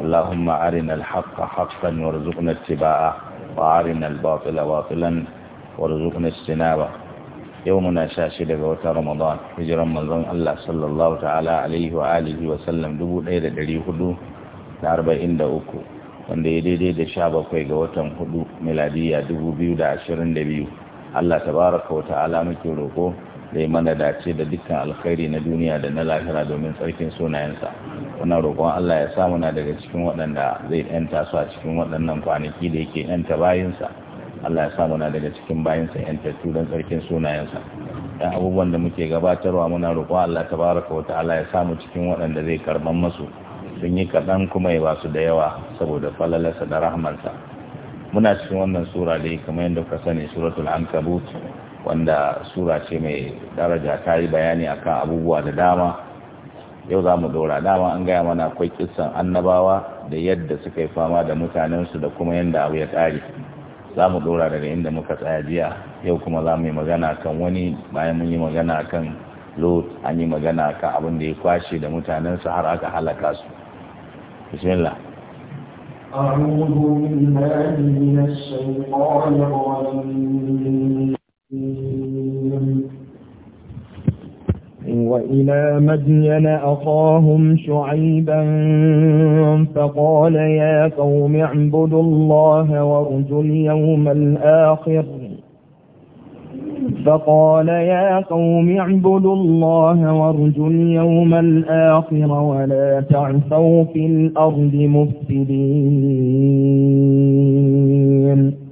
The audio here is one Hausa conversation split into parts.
اللهم أرنا الحق حقا وارزقنا اتباعه وأرنا الباطل باطلا وارزقنا اجتنابه يومنا شاشد بوتا رمضان هجر رمضان الله صلى الله تعالى عليه وآله وسلم دبو ليلة دري هدو لأربعين دا أكو wanda ya daidai da sha bakwai ga watan hudu miladiya dubu biyu da ashirin da biyu allah tabaraka wa ta'ala muke roƙo da ya mana dace da dukkan alkhairi na duniya da na lahira domin tsarkin sunayensa muna roƙon Allah ya samu na daga cikin waɗanda zai yanta su a cikin waɗannan kwanaki da yake yanta bayinsa Allah ya samu na daga cikin bayinsa yantattu don tsarkin sunayensa ɗan abubuwan da muke gabatarwa muna roƙon Allah ta baraka wata Allah ya samu cikin waɗanda zai karɓan masu sun yi kaɗan kuma ya basu da yawa saboda falalarsa da rahmansa muna cikin wannan sura dai kamar yadda kuka sani suratul ankabut wanda sura ce mai daraja ta yi bayani akan abubuwa da dama yau za mu dora dama an gaya mana akwai kisan annabawa da yadda suka yi fama da mutanensu da kuma yadda abu ya tsari za mu dora daga inda muka tsaya jiya yau kuma za mu yi magana kan wani bayan mun yi magana kan lot an yi magana kan abin da ya kwashe da mutanensu har aka halaka su bismillah أعوذ بالله من الشيطان الرجيم وإلى مدين أخاهم شعيبا فقال يا قوم اعبدوا الله وارجوا اليوم الآخر فقال يا قوم اعبدوا الله وارجوا اليوم الآخر ولا تعثوا في الأرض مفسدين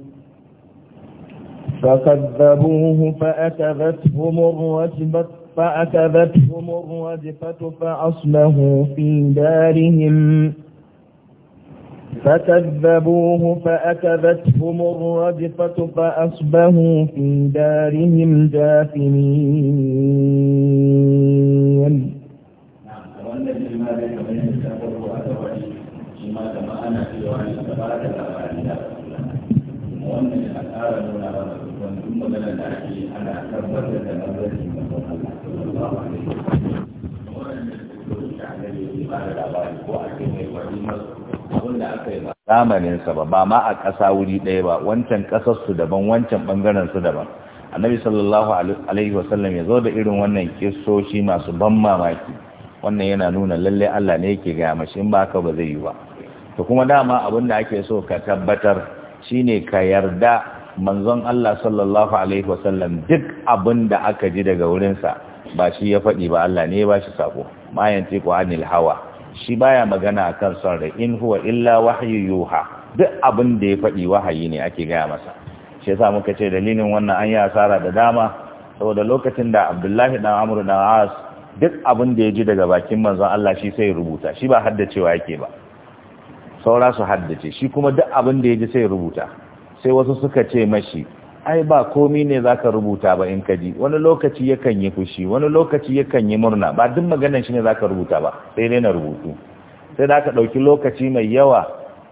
فكذبوه فأكذتهم الرجفة فأكذتهم الرجفة فأصبحوا في دارهم فكذبوه فأكذتهم الرجفة فأصبحوا في دارهم جاثمين wannan al'ada nuna mana magana da ake ana tabbatar da nazari da ba da ko da aka yi ba zamanin sa ba ma a ƙasa wuri ɗaya ba wancan ƙasarsu su daban wancan bangaren su daban annabi sallallahu alaihi wasallam ya zo da irin wannan kissoshi masu ban mamaki wannan yana nuna lalle Allah ne yake ga mashi in ba haka ba zai yi ba to kuma dama abin da ake so ka tabbatar shine ka yarda manzon Allah sallallahu alaihi wasallam duk abin da aka ji daga wurinsa ba shi ya faɗi ba Allah ne ya bashi sako mayan teku anil hawa shi baya magana kan son rai in huwa illa wahyu yuha duk abin da ya faɗi wahayi ne ake gaya masa shi yasa muka ce dalilin wannan an yi asara da dama saboda lokacin da Abdullahi dan Amr dan As duk abin da ya ji daga bakin manzon Allah shi sai rubuta shi ba haddacewa yake ba saura su haddace shi kuma duk abin da ya ji sai rubuta sai wasu suka ce mashi ai ba komi ne zaka rubuta ba in kaji wani lokaci yakan yi fushi wani lokaci yakan yi murna ba duk maganar shi ne zaka rubuta ba sai dai na rubutu sai da aka ɗauki lokaci mai yawa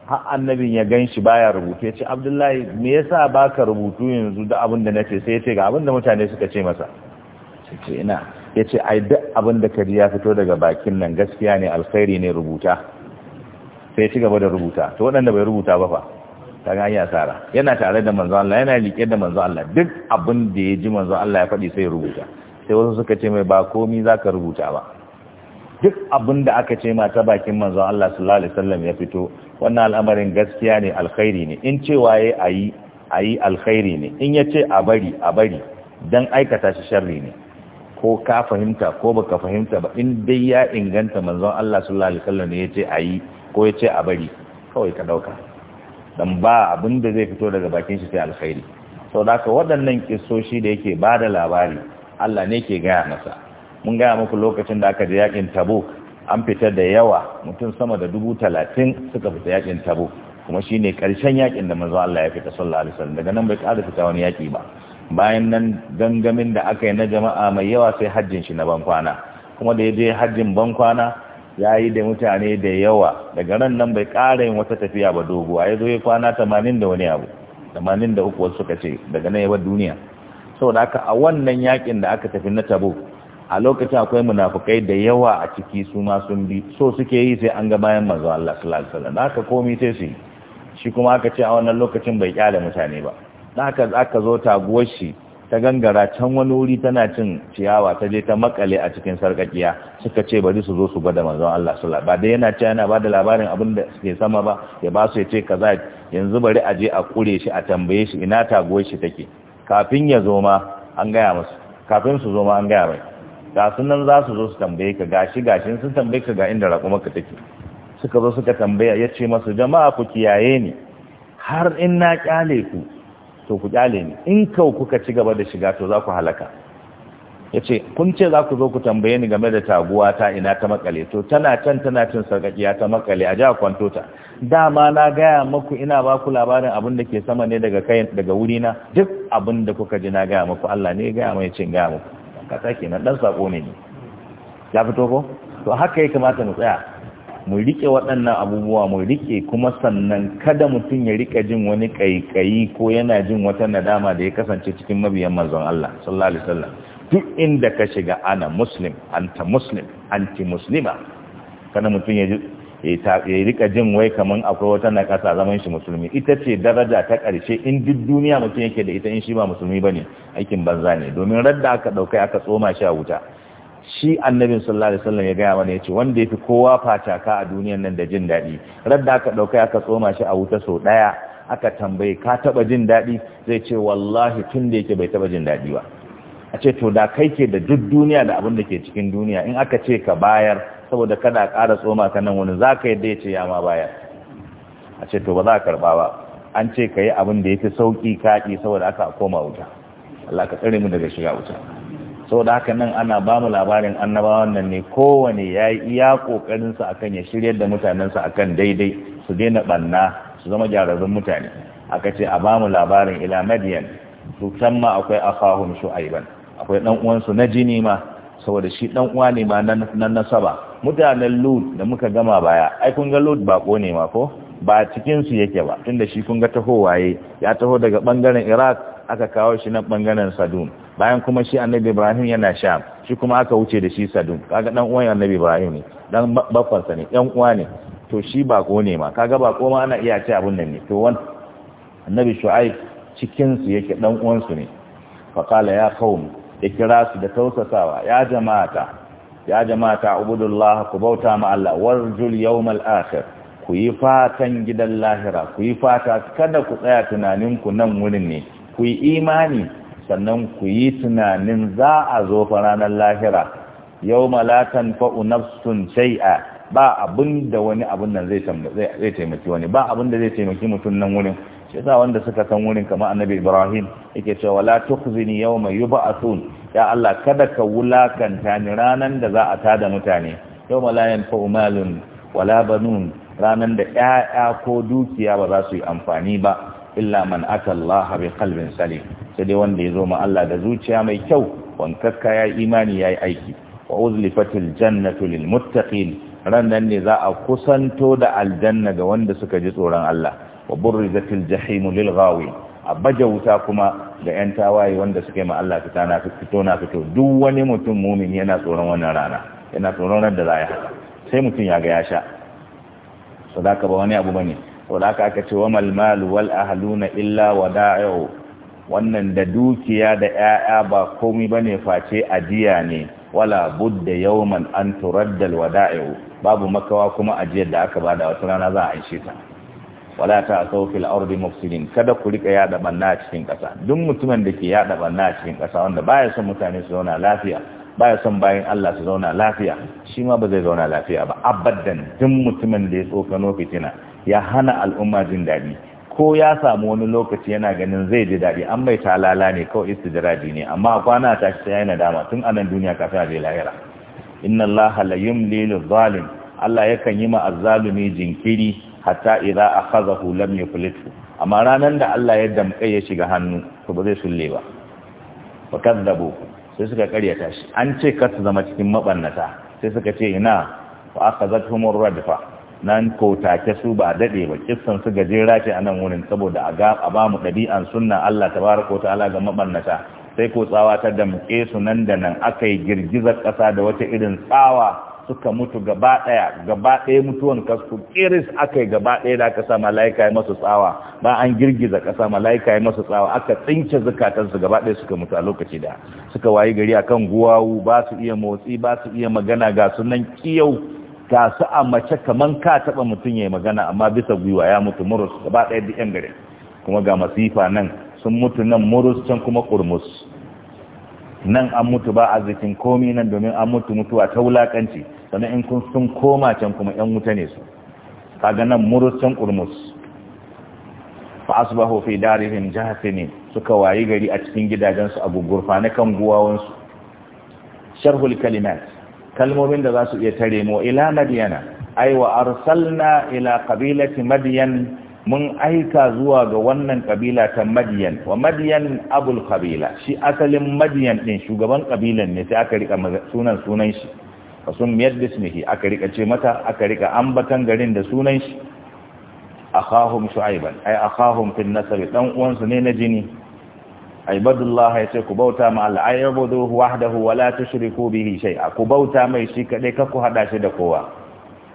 har annabin ya gan shi baya rubutu ya ce abdullahi me yasa baka rubutu yanzu da abin da nace sai ya ce ga abin da mutane suka ce masa ce ina ya ce ai duk abin da kaji ya fito daga bakin nan gaskiya ne alkhairi ne rubuta sai ya ci gaba da rubuta to waɗanda bai rubuta ba fa ta ga ya sara yana tare da manzo Allah yana rike da manzo Allah duk abin da ya ji manzo Allah ya faɗi sai rubuta sai wasu suka ce mai ba komi zaka rubuta ba duk abin da aka ce ma ta bakin manzo Allah sallallahu alaihi wasallam ya fito wannan al'amarin gaskiya ne alkhairi ne in cewa yayi ayi ayi alkhairi ne in yace a bari a bari dan aikata shi sharri ne ko ka fahimta ko baka fahimta ba in dai ya inganta manzo Allah sallallahu alaihi wasallam ne yace ayi ko yace a bari kawai ka dauka dan ba abin da zai fito daga bakin shi sai alkhairi sau da haka waɗannan kisoshi da yake ba da labari Allah ne ke gaya masa mun gaya muku lokacin da aka je yakin tabo an fita da yawa mutum sama da dubu talatin suka fita yakin tabo kuma shine karshen yakin da manzo Allah ya fita sallallahu alaihi wasallam daga nan bai ƙara fita wani yaki ba bayan nan gangamin da aka yi na jama'a mai yawa sai hajjin shi na bankwana kuma da ya je hajjin bankwana ya yi da mutane da yawa daga ran nan bai ƙara yin wata tafiya ba doguwa ya zo ya kwana tamanin da wani abu tamanin da uku wasu suka ce daga nan ya bar duniya saboda haka a wannan yakin da aka tafi na tabo a lokacin akwai munafukai da yawa a ciki su ma sun bi so suke yi sai an ga bayan manzo Allah sallallahu alaihi wasallam haka komai sai su yi shi kuma aka ce a wannan lokacin bai kyale mutane ba haka aka zo taguwar shi ta gangara can wani wuri tana cin ciyawa ta je ta makale a cikin sarkakiya suka ce bari su zo su gwada manzon Allah sallallahu ba dai yana ce yana bada labarin abin da suke sama ba ya ba su ya ce kaza yanzu bari a je a kure shi a tambaye shi ina taguwar shi take kafin ya zo ma an gaya musu kafin su zo ma an gaya mai ga sun nan za su zo su tambaye ka gashi gashin sun tambaye ka ga inda raƙumarka take suka zo suka tambaya ya ce masu jama'a ku kiyaye ni har in na kyale ku to ku kyale ni in kau kuka ci gaba da shiga to za ku halaka yace ce kun ce za ku zo ku tambaye ni game da taguwa ta ina ta makale to tana can tana cin sarkakiya ta makale a jiha kwanto ta dama na gaya maku ina ba ku labarin abin da ke sama ne daga kai daga wuri na duk abin da kuka ji na gaya maku Allah ne gaya mai cin gaya maku kasa kenan dan sako ne ya fito ko to haka ya kamata mu tsaya mu rike waɗannan abubuwa mu rike kuma sannan kada mutum ya rika jin wani kaikayi ko yana jin wata nadama da ya kasance cikin mabiyan manzon Allah sallallahu alaihi wasallam duk inda ka shiga ana muslim anta muslim anti muslima kada mutum ya ya rika jin wai kaman akwai wata nakasa zaman shi musulmi ita ce daraja ta ƙarshe in duk duniya mutum yake da ita in shi ba musulmi bane aikin banza ne domin radda aka dauka aka tsoma shi a wuta shi annabin sallallahu alaihi wasallam ya gaya mana yace wanda yafi kowa fataka a duniyar nan da jin daɗi radda aka dauka aka tsoma shi a wuta sau daya aka tambaye ka taba jin daɗi zai ce wallahi tun da yake bai taba jin daɗi ba a ce to da kai ke da duk duniya da abin da ke cikin duniya in aka ce ka bayar saboda kada ƙara tsoma ka nan wani zaka yadda ya ya ma bayar a ce to ba za ka karɓa ba an ce ka yi abin da yafi sauki sauƙi kaɗi saboda aka koma wuta Allah ka tsare mu daga shiga wuta saboda haka nan ana ba mu labarin annabawan nan ne kowane ya yi iya kokarinsa akan ya shiryar da mutanensa akan daidai su daina banna su zama gyararrun mutane aka ce a ba mu labarin ila madiyan can ma akwai su shu'aiban akwai dan uwansu na jini ma saboda shi ɗan uwa ne ma na nasaba mutanen lud da muka gama baya ai kun ga ba bako ne ma ko ba cikin su yake ba tunda shi kun ga taho waye ya taho daga bangaren iraq aka kawo shi na bangaren sadun. bayan kuma shi annabi ibrahim yana sha. shi kuma aka wuce da shi sadun. kaga dan uwan annabi ibrahim ne dan baffansa ne yan uwa ne to shi ko ne ma kaga ko ma ana iya ce abun nan ne to wan annabi shu'aib cikin su yake dan uwan su ne fa qala ya qaum ikra su da tausasawa ya jama'ata ya jama'ata ubudullah ku bauta ma Allah warjul yawmal akhir ku yi fatan gidan lahira ku yi fata kada ku tsaya tunaninku nan wurin ne ku yi imani sannan ku yi tunanin za a zo fa ranar lahira yau malatan fa'u nafsun shai'a ba abin da wani abin nan zai taimaki wani ba abin da zai taimaki mutum nan wurin shi yasa wanda suka san wurin kama annabi ibrahim yake cewa wala tukhzini yawma yub'athun ya Allah kada ka wulakanta ni ranar da za a tada mutane yawma la yanfa'u wala banun ranan da 'ya'ya ko dukiya ba za su yi amfani ba illa man ata Allah bi qalbin salim sai dai wanda ya zo ma Allah da zuciya mai kyau wankakka ya imani yayi aiki wa uzlifatil jannatu lil muttaqin rannan ne za a kusanto da aljanna ga wanda suka ji tsoron Allah wa burrizatil jahim lil ghawi a baje wuta kuma ga yan tawaye wanda suka ma Allah fitana fito na fito duk wani mutum mumin yana tsoron wannan rana yana tsoron da za a yi haka sai mutum ya ga ya sha sadaka ba wani abu bane sau aka aka ce wa malmalu wal ahaluna illa wada'u wannan da dukiya da 'ya'ya ba ba ne face ajiya ne wala budda yawman an turaddal wada'u babu makawa kuma ajiyar da aka bada wata rana za a aishe ta wala ta asau fil ardi mufsidin kada ku rika yaɗa banna a cikin kasa duk mutumin da ke yaɗa banna a cikin ƙasa wanda baya son mutane su zauna lafiya baya son bayan Allah su zauna lafiya shi ma ba zai zauna lafiya ba abadan duk mutumin da ya tsokano fitina ya hana al'umma jin daɗi ko ya samu wani lokaci yana ganin zai ji daɗi an mai talala ne kawai istidraji ne amma kwana ta shi sai nadama tun anan duniya kafin a je lahira inna laha la yumli zalim Allah yakan yi ma azzalumi jinkiri hatta idza akhadhahu lam yuflithu amma ranan da Allah ya damƙe ya shiga hannu to ba zai sulle ba wa kadzabu sai suka karyata shi an ce kar zama cikin mabannata sai suka ce ina fa akhadhatuhum radfa nan ko take su ba dade ba kissan su gajera ce a nan wurin saboda a ga a ba mu ɗabi'an sunna Allah tabaraka ta'ala ga mabannata sai ko tsawa ta muke su nan da nan akai girgizar kasa da wata irin tsawa suka mutu gaba daya gaba daya mutuwan kasu iris aka gaba daya da aka sa mala'ika ya masu tsawa ba an girgiza kasa mala'ika ya masu tsawa aka tsince su gaba daya suka mutu a lokaci da suka wayi gari akan guwawu ba su iya motsi ba su iya magana ga sunan kiyau ga su a mace kaman ka taba mutum ya yi magana amma bisa gwiwa ya mutu murus gaba ɗaya duk yan gare kuma ga masifa nan sun mutu nan murus can kuma kurmus nan an mutu ba arzikin komi nan domin an mutu mutuwa ta wulakanci sannan in kun sun koma can kuma yan wuta ne su kaga nan murus can kurmus fa asbahu fi darihim jahasimin suka wayi gari a cikin gidajensu a gugurfa na kan guwawansu sharhul kalimat kalmomin da za su iya tare mu ila madiyana ai wa arsalna ila qabilati madiyan mun aika zuwa ga wannan kabila ta madiyan wa madiyan abul kabila shi asalin madiyan din shugaban kabilan ne sai aka rika sunan sunan shi fa sun miyad bismihi aka rika ce mata aka rika ambatan garin da sunan shi akhahum shu'aiban ai akhahum fil nasab dan uwansu ne na jini ibadullah ya ce ku bauta ma Allah ay yabudu wahdahu wa la tushriku bihi shay'a ku bauta mai shi kaɗai ka ku hada shi da kowa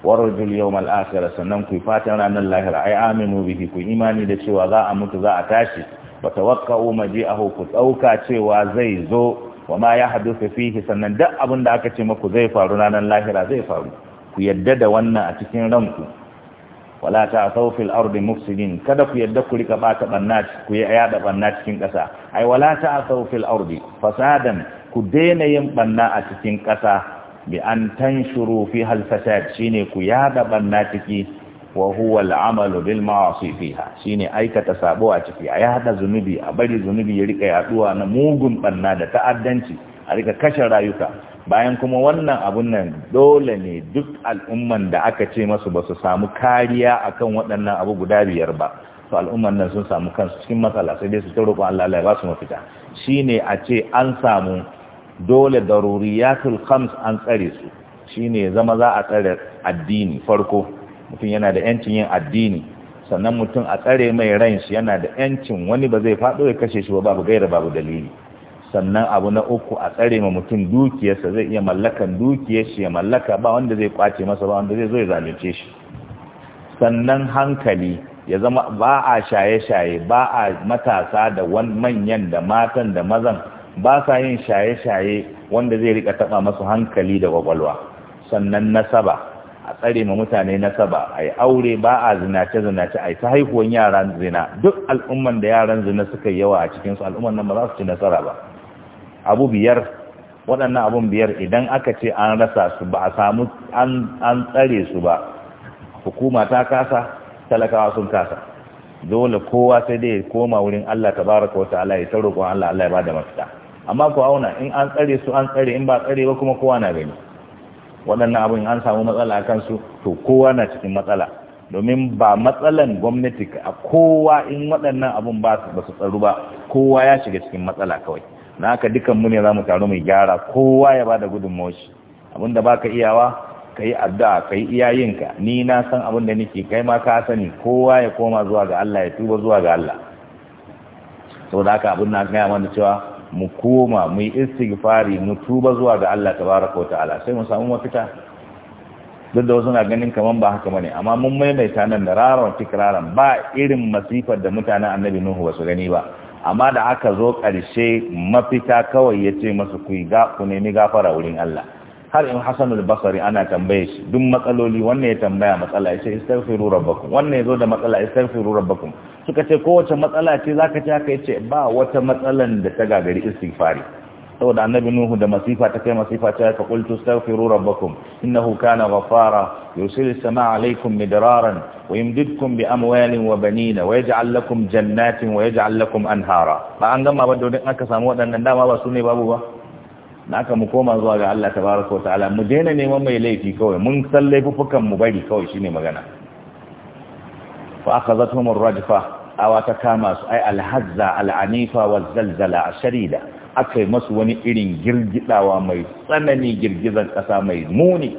warujul yawmal akhir sannan ku fatan ranar lahira Ai aminu bihi ku imani da cewa za a mutu za a tashi wa tawakkau maji'ahu ku dauka cewa zai zo wa ma yahduthu fihi sannan duk abin da aka ce maku zai faru ranar lahira zai faru ku yadda da wannan a cikin ranku wala ta sau ardi mufsidin kada ku yadda ku rika bata banna ku yi yada banna cikin kasa ai wala ta sau ardi fasadan ku daina yin banna a cikin kasa bi an tanshuru fi hal fasad shine ku yada banna ciki wa huwa al amalu bil ma'asi fiha shine aikata sabo a ciki a yada zunubi a bari zunubi ya rika yaduwa na mugun banna da ta'addanci a rika kashe rayuka bayan kuma wannan abun nan dole ne duk al'umman da aka ce masu ba su samu kariya akan waɗannan abu guda biyar ba to al'umman nan sun samu kansu cikin matsala sai dai su ta roƙon Allah ya ba su mafita shine a ce an samu dole daruriyatul khams an tsare su shine zama za a tsare addini farko mutum yana da yancin yin addini sannan mutum a tsare mai ran yana da yancin wani ba zai faɗo ya kashe shi ba babu gaira babu dalili sannan abu na uku a tsare ma mutum dukiyarsa zai iya mallakan dukiyar ya mallaka ba wanda zai kwace masa ba wanda zai zo ya zalunce shi sannan hankali ya zama ba a shaye-shaye ba a matasa da manyan da matan da mazan ba sa yin shaye-shaye wanda zai rika taba masu hankali da kwakwalwa sannan nasaba a tsare ma mutane nasaba a yi aure ba a zinace-zinace a yi ta haihuwan yaran zina duk al'umman da yaran zina suka yi yawa a cikinsu al'umman nan ba za su ci nasara ba abu biyar waɗannan abun biyar idan aka ce an rasa su ba a samu an tsare su ba hukuma ta kasa talakawa sun kasa dole kowa sai dai koma wurin Allah baraka wata Allah ya ta roƙon Allah Allah ya bada mafita amma ku auna in an tsare su an tsare in ba tsare ba kuma kowa na gani waɗannan abun an samu matsala a kansu to kowa na cikin matsala domin ba matsalan gwamnati a kowa in waɗannan abun ba su tsaru ba kowa ya shiga cikin matsala kawai na haka dukan mu ne za mu taru mai gyara kowa ya bada gudunmawar shi abinda ba baka iyawa ka yi addu'a ka yi iyayenka ni na san abin da nake kai ma ka sani kowa ya koma zuwa ga Allah ya tuba zuwa ga Allah da haka abin na gaya mana cewa mu koma mu yi istighfari mu tuba zuwa ga Allah tabaraka wa ta'ala sai mu samu mafita duk da wasu na ganin kaman ba haka bane amma mun maimaita nan da rarar tikraran ba irin masifar da mutanen annabi Nuhu ba su gani ba amma da aka zo ƙarshe mafita kawai ya ce masu ku nemi gafara wurin Allah har in al-Basri ana tambaye shi duk matsaloli wannan ya tambaya matsala ya ce istaghfiru rabbakum wannan ya zo da matsala istaghfiru rabbakum suka ce kowace matsala ce zaka ce haka ya ce ba wata matsalan da ta gagari istighfari saboda annabi nuhu da masifa ta kai masifa ta ka qultu astaghfiru rabbakum innahu kana ghaffara yursilu samaa alaykum midraran wa yumdidkum bi amwalin wa banina wa yaj'al lakum jannatin wa yaj'al lakum anhara ba an gama ba don aka samu wadannan dama ba su ne babu ba na aka mu koma zuwa ga Allah tabaraka wa ta'ala mu daina neman mai laifi kawai mun san laifukan mu bari kawai shine magana fa akhadhatuhum ar-rajfa awa ta kama su ay al-hazza al-anifa waz-zalzala ash-sharida aka yi masu wani irin girgidawa mai tsanani girgizan ƙasa mai muni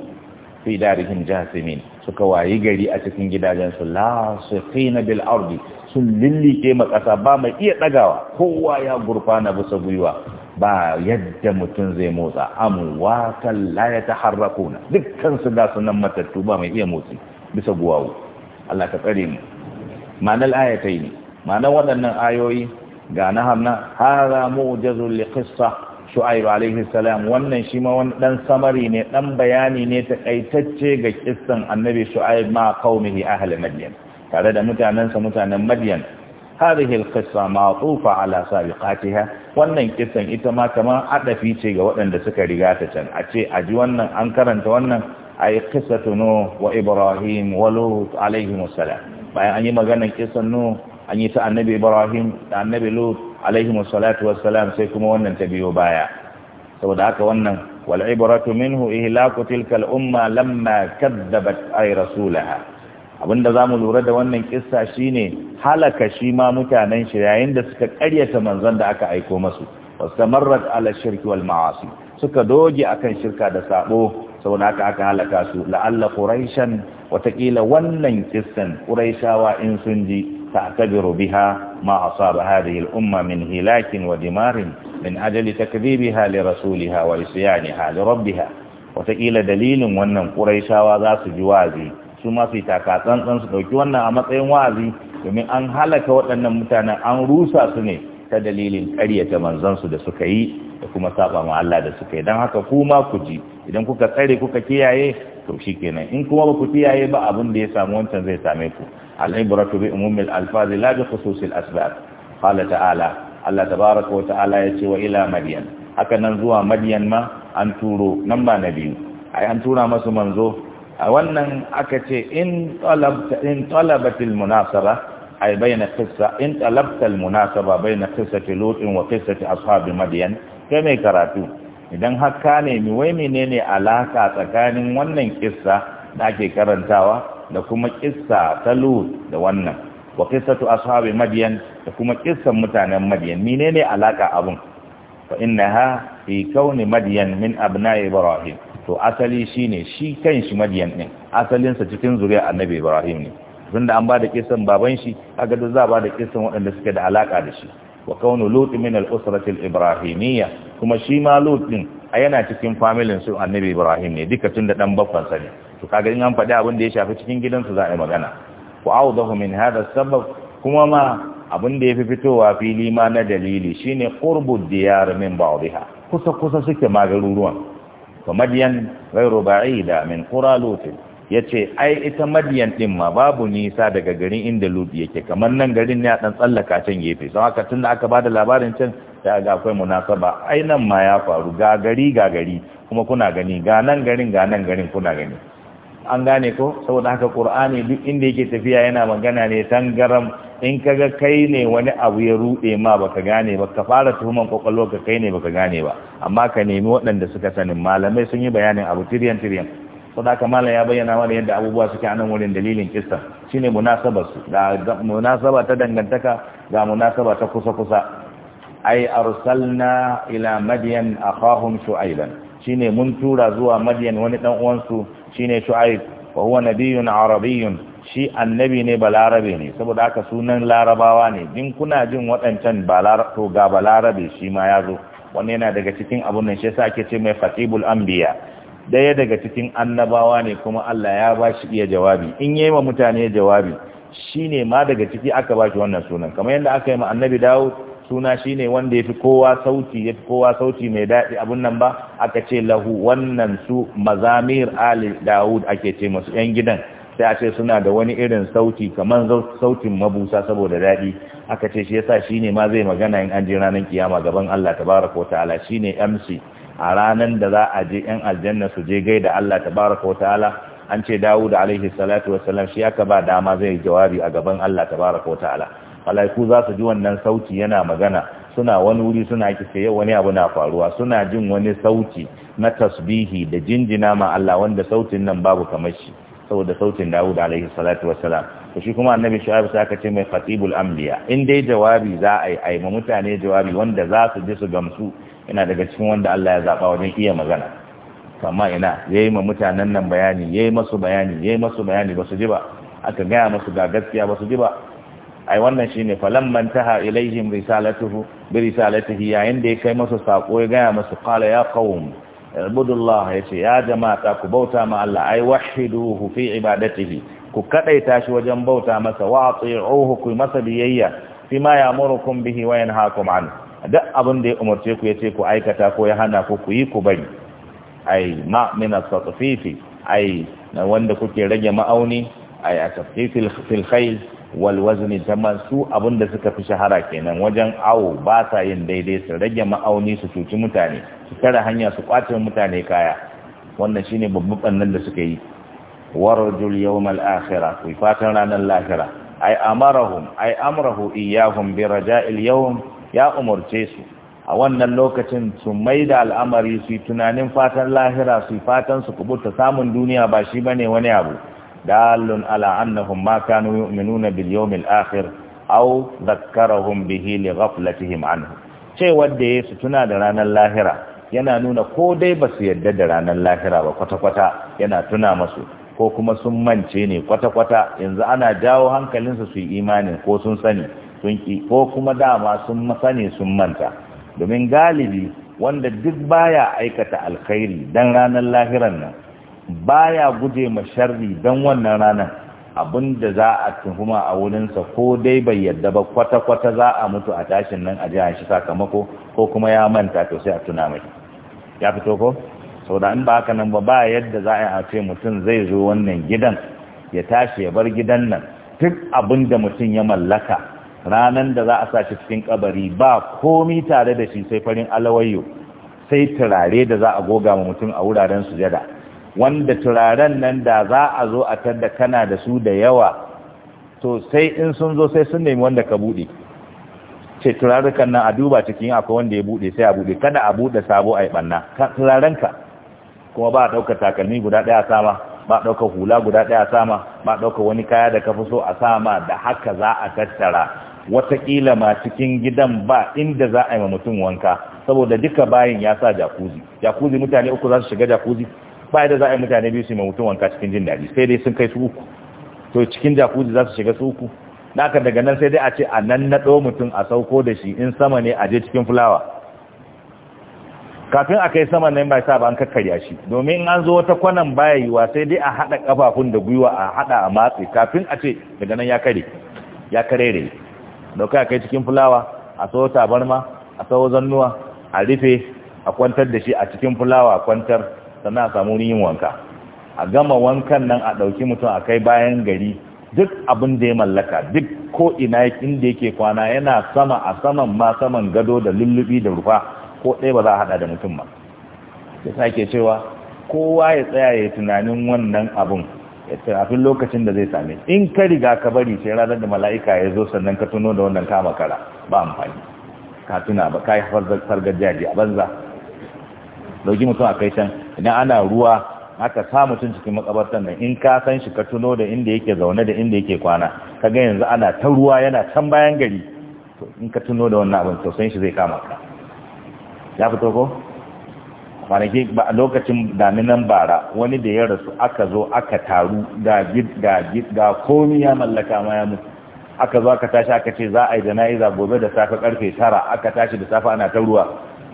fi darihin jasimin suka wayi gari a cikin gidajensu la su na bil ardi sun lillike ma ƙasa ba mai iya ɗagawa kowa ya gurfana bisa gwiwa ba yadda mutum zai motsa amwatan la ya dukkan su ga sunan matattu ba mai iya motsi bisa guwawu Allah ka tsare mu ma'anar ayatai ne ma'anar waɗannan ayoyi ga nahar nan hada mu'jazul li qissa shu'aib alaihi salam wannan shi ma wani dan samari ne dan bayani ne takaitacce ga kissan annabi shu'aib ma qaumihi ahli madyan tare da mutanensa mutanen madyan هذه القصة ma'tufa ala sabiqatiha wannan kissan ita ma kamar adafi ce ga waɗanda suka riga ta can a ce aji wannan an karanta wannan ay qissatu nu wa ibrahim wa lut alayhi bayan an yi maganar kissan nu an yi ta annabi ibrahim da annabi lut alaihi wassalatu wassalam sai kuma wannan ta biyo baya saboda haka wannan wal ibratu minhu ihlaku tilka umma lamma kadzabat ay rasulaha abinda zamu lura da wannan kissa shine halaka shi ma mutanen shi yayin da suka ƙaryata manzon da aka aiko masu wastamarrat ala shirki wal ma'asi suka doge akan shirka da sabo saboda haka aka halaka su la'alla quraishan watakila wannan kissan quraishawa in sun ji تعتبر بها ما أصاب هذه الأمة من هلاك ودمار من أجل تكذيبها لرسولها وإسيانها لربها وتقيل دليل وأن قريشا وذات جوازي ثم في تاكاتان سنسكوكي وأن أمطين وازي domin an halaka waɗannan mutanen an rusa su ne ta dalilin ƙaryata manzansu da suka yi da kuma saba ma Allah da suka yi don haka kuma ku ji idan kuka tsare kuka kiyaye to kenan in kuma ba ku kiyaye ba abin da ya samu wancan zai same ku العبرة بأموم الألفاظ لا بخصوص الأسباب قال تعالى الله تبارك وتعالى يتي وإلى مدين haka nan zuwa madiyan ma an turo nan ba na biyu ai an tura masu manzo a wannan aka ce in talabta in talabatil munasaba ai bayna qissa in talabtal munasaba bayna qissati lutin madiyan kai mai karatu idan har ka nemi wai menene alaka tsakanin wannan kissa da ake karantawa da kuma kissa ta lut da wannan wa qissatu ashabi madyan da kuma kissan mutanen madyan menene alaka abun fa innaha fi kauni madyan min abna'i ibrahim to asali shine shi kanshi madyan din asalinsa cikin zuriya annabi ibrahim ne tunda an bada kisan baban shi kaga duk za bada kisan waɗanda suke da alaka da shi wa kaunu lut min al-usrati al-ibrahimiyya kuma shi ma lut din a yana cikin familin su annabi ibrahim ne duka tunda dan babban sa ne to kaga in an faɗi abin da ya shafi cikin gidansu za a yi magana wa awdahu min hadha sabab kuma ma abin da yafi fitowa fili ma na dalili shine qurbu diyar min ba'dha kusa kusa suke ma garuruwan fa madyan ghayru ba'ida min qura lut yace ai ita madyan din ma babu nisa daga garin inda lut yake kamar nan garin ne a dan tsallaka can gefe sai haka tunda aka bada labarin can sai ga akwai munasaba ai nan ma ya faru ga gari ga gari kuma kuna gani ga nan garin ga nan garin kuna gani an gane ko saboda haka qur'ani duk inda yake tafiya yana magana ne tangaram in kaga kai ne wani abu ya rude ma baka gane ba ka fara tuhuman kwakwalwa ka kai ne baka gane ba amma ka nemi waɗanda suka sanin malamai sun yi bayanin abu tiriyan tiriyan saboda haka malam ya bayyana mana yadda abubuwa suke anan wurin dalilin kista shine munasabar su da munasaba ta dangantaka ga munasaba ta kusa kusa ai arsalna ila madyan akhahum shu'aiban shine mun tura zuwa madyan wani dan uwansu shine shu'aib wa huwa nabiyyun arabiyyun shi annabi ne balarabe ne saboda haka sunan larabawa ne din kuna jin waɗancan to ga balarabe shi ma yazo wani yana daga cikin abun nan shi yasa ake ce mai fatibul anbiya daya daga cikin annabawa ne kuma Allah ya bashi iya jawabi in yayi ma mutane jawabi shine ma daga ciki aka ba shi wannan sunan kamar yadda aka yi ma annabi Dawud suna shine wanda yafi kowa sauti yafi kowa sauti mai daɗi abun nan ba aka ce lahu wannan su mazamir ali daud ake ce masu yan gidan sai a ce suna da wani irin sauti kamar sautin mabusa saboda daɗi aka ce shi yasa shine ma zai magana in an ji ranar kiyama gaban Allah tabaraka wataala shine MC a ranar da za a je yan aljanna su je gaida Allah tabaraka wataala an ce Dawud alaihi salatu wassalam shi aka ba dama zai jawabi a gaban Allah tabaraka wataala malaiku za su ji wannan sauti yana magana suna wani wuri suna kike yau wani abu na faruwa suna jin wani sauti na tasbihi da jinjina ma Allah wanda sautin nan babu kamar shi saboda sautin Dawud alaihi salatu wassalam to shi kuma annabi Shu'aib sai aka ce mai Fatibul anbiya in dai jawabi za a yi ai ma mutane jawabi wanda za su ji su gamsu yana daga cikin wanda Allah ya zaba wajen iya magana amma ina yayi ma mutanen nan bayani yayi masu bayani yayi masu bayani ba su ji ba aka gaya masu ga gaskiya ba su ji ba ai wannan shine falamman taha ilaihim risalatuhu bi risalatihi yayin da ya kai masa sako ya gaya masa qala ya qaum ibudullah yace ya jama'a ku bauta ma Allah ai wahiduhu fi ibadatihi ku kadaita shi wajen bauta masa wa ati'uhu ku masa biyayya fima ya'murukum bihi wa yanhaakum an duk abin da ya umarce ku yace ku aikata ko ya hana ku ku yi ku bari ai ma min as-satfifi ai wanda kuke rage ma'auni ai a tafsifil fil khayl wal ta masu su abinda suka fi shahara kenan wajen awo ba sa yin daidai su rage ma'auni su cuci mutane su tara hanya su kwace mutane kaya wannan shine babban bannan da suka yi warjul yawmal akhirah ku fatan ranar lahira ay amarahum ay amrahu iyyahum bi raja'il yawm ya umurce su a wannan lokacin su maida al'amari su tunanin fatan lahira su fatan su kubuta samun duniya ba shi bane wani abu دال على أنهم ما كانوا يؤمنون باليوم الآخر أو ذكرهم به لغفلتهم عنه شيء ودي ستنا دران اللاهرة yana nuna ko dai ba su yadda da ranar lahira ba kwata-kwata yana tuna masu ko kuma sun mance ne kwata-kwata yanzu ana jawo hankalinsu su yi imanin ko sun sani ko kuma dama sun sani sun manta domin galibi wanda duk baya aikata alkhairi dan ranar lahiran nan baya guje ma sharri don wannan ranar abin da za a tuhuma a wurinsa ko dai bai yadda ba kwata-kwata za a mutu a tashin nan a jihar shi sakamako ko kuma ya manta to sai a tuna mai ya fito ko sau da ba haka nan ba ba yadda za a yi a ce mutum zai zo wannan gidan ya tashi ya bar gidan nan duk abin da mutum ya mallaka ranar da za a sa shi cikin kabari ba komi tare da shi sai farin alawayyo sai turare da za a goga ma mutum a wuraren sujada wanda turaren nan da za a zo a tadda kana da su da yawa to sai in sun zo sai sun nemi wanda ka buɗe ce turarukan nan a duba cikin akwai wanda ya buɗe sai a buɗe kada a buɗe sabo a yi ɓanna turarenka kuma ba a ɗaukar takalmi guda ɗaya sama ba a ɗaukar hula guda ɗaya sama ba a ɗaukar wani kaya da ka fi so a sama da haka za a tattara watakila ma cikin gidan ba inda za a yi ma mutum wanka saboda duka bayin ya sa jakuzi jakuzi mutane uku za su shiga jakuzi ba da za a yi mutane biyu su yi mutum wanka cikin jin daɗi sai dai sun kai su uku to cikin jakuzi za su shiga su uku na aka daga nan sai dai a ce a nan naɗo mutum a sauko da shi in sama ne a je cikin fulawa kafin a kai sama ne bai sa ba an kakkarya shi domin in an zo wata kwanan baya yiwa sai dai a haɗa ƙafafun da gwiwa a haɗa a matse kafin a ce daga nan ya kare ya kare da a kai cikin fulawa a sawo tabarma a sawo zannuwa a rufe a kwantar da shi a cikin fulawa a kwantar sannan a samu wurin yin wanka a gama wankan nan a ɗauki mutum a kai bayan gari duk abin da ya mallaka duk ko ina inda yake kwana yana sama a saman ma saman gado da lullubi da rufa ko ɗaya ba za a haɗa da mutum ba ya sake cewa kowa ya tsaya ya tunanin wannan abun ya tafi lokacin da zai same in ka riga ka bari sai ranar da mala'ika ya zo sannan ka tuno da wannan kama kara ba amfani ka tuna ba ka yi fargajiya a banza dauki mutum a kai can idan ana ruwa aka sa mutum cikin makabartan nan in ka san shi ka tuno da inda yake zaune da inda yake kwana ka ga yanzu ana ta ruwa yana can bayan gari to in ka tuno da wannan abin tausayin shi zai kama ka ya fito ko kwanaki a lokacin daminan bara wani da ya rasu aka zo aka taru ga ga komi ya mallaka ma ya mutu aka zo aka tashi aka ce za a yi jana'iza gobe da safe karfe tara aka tashi da safe ana ta ruwa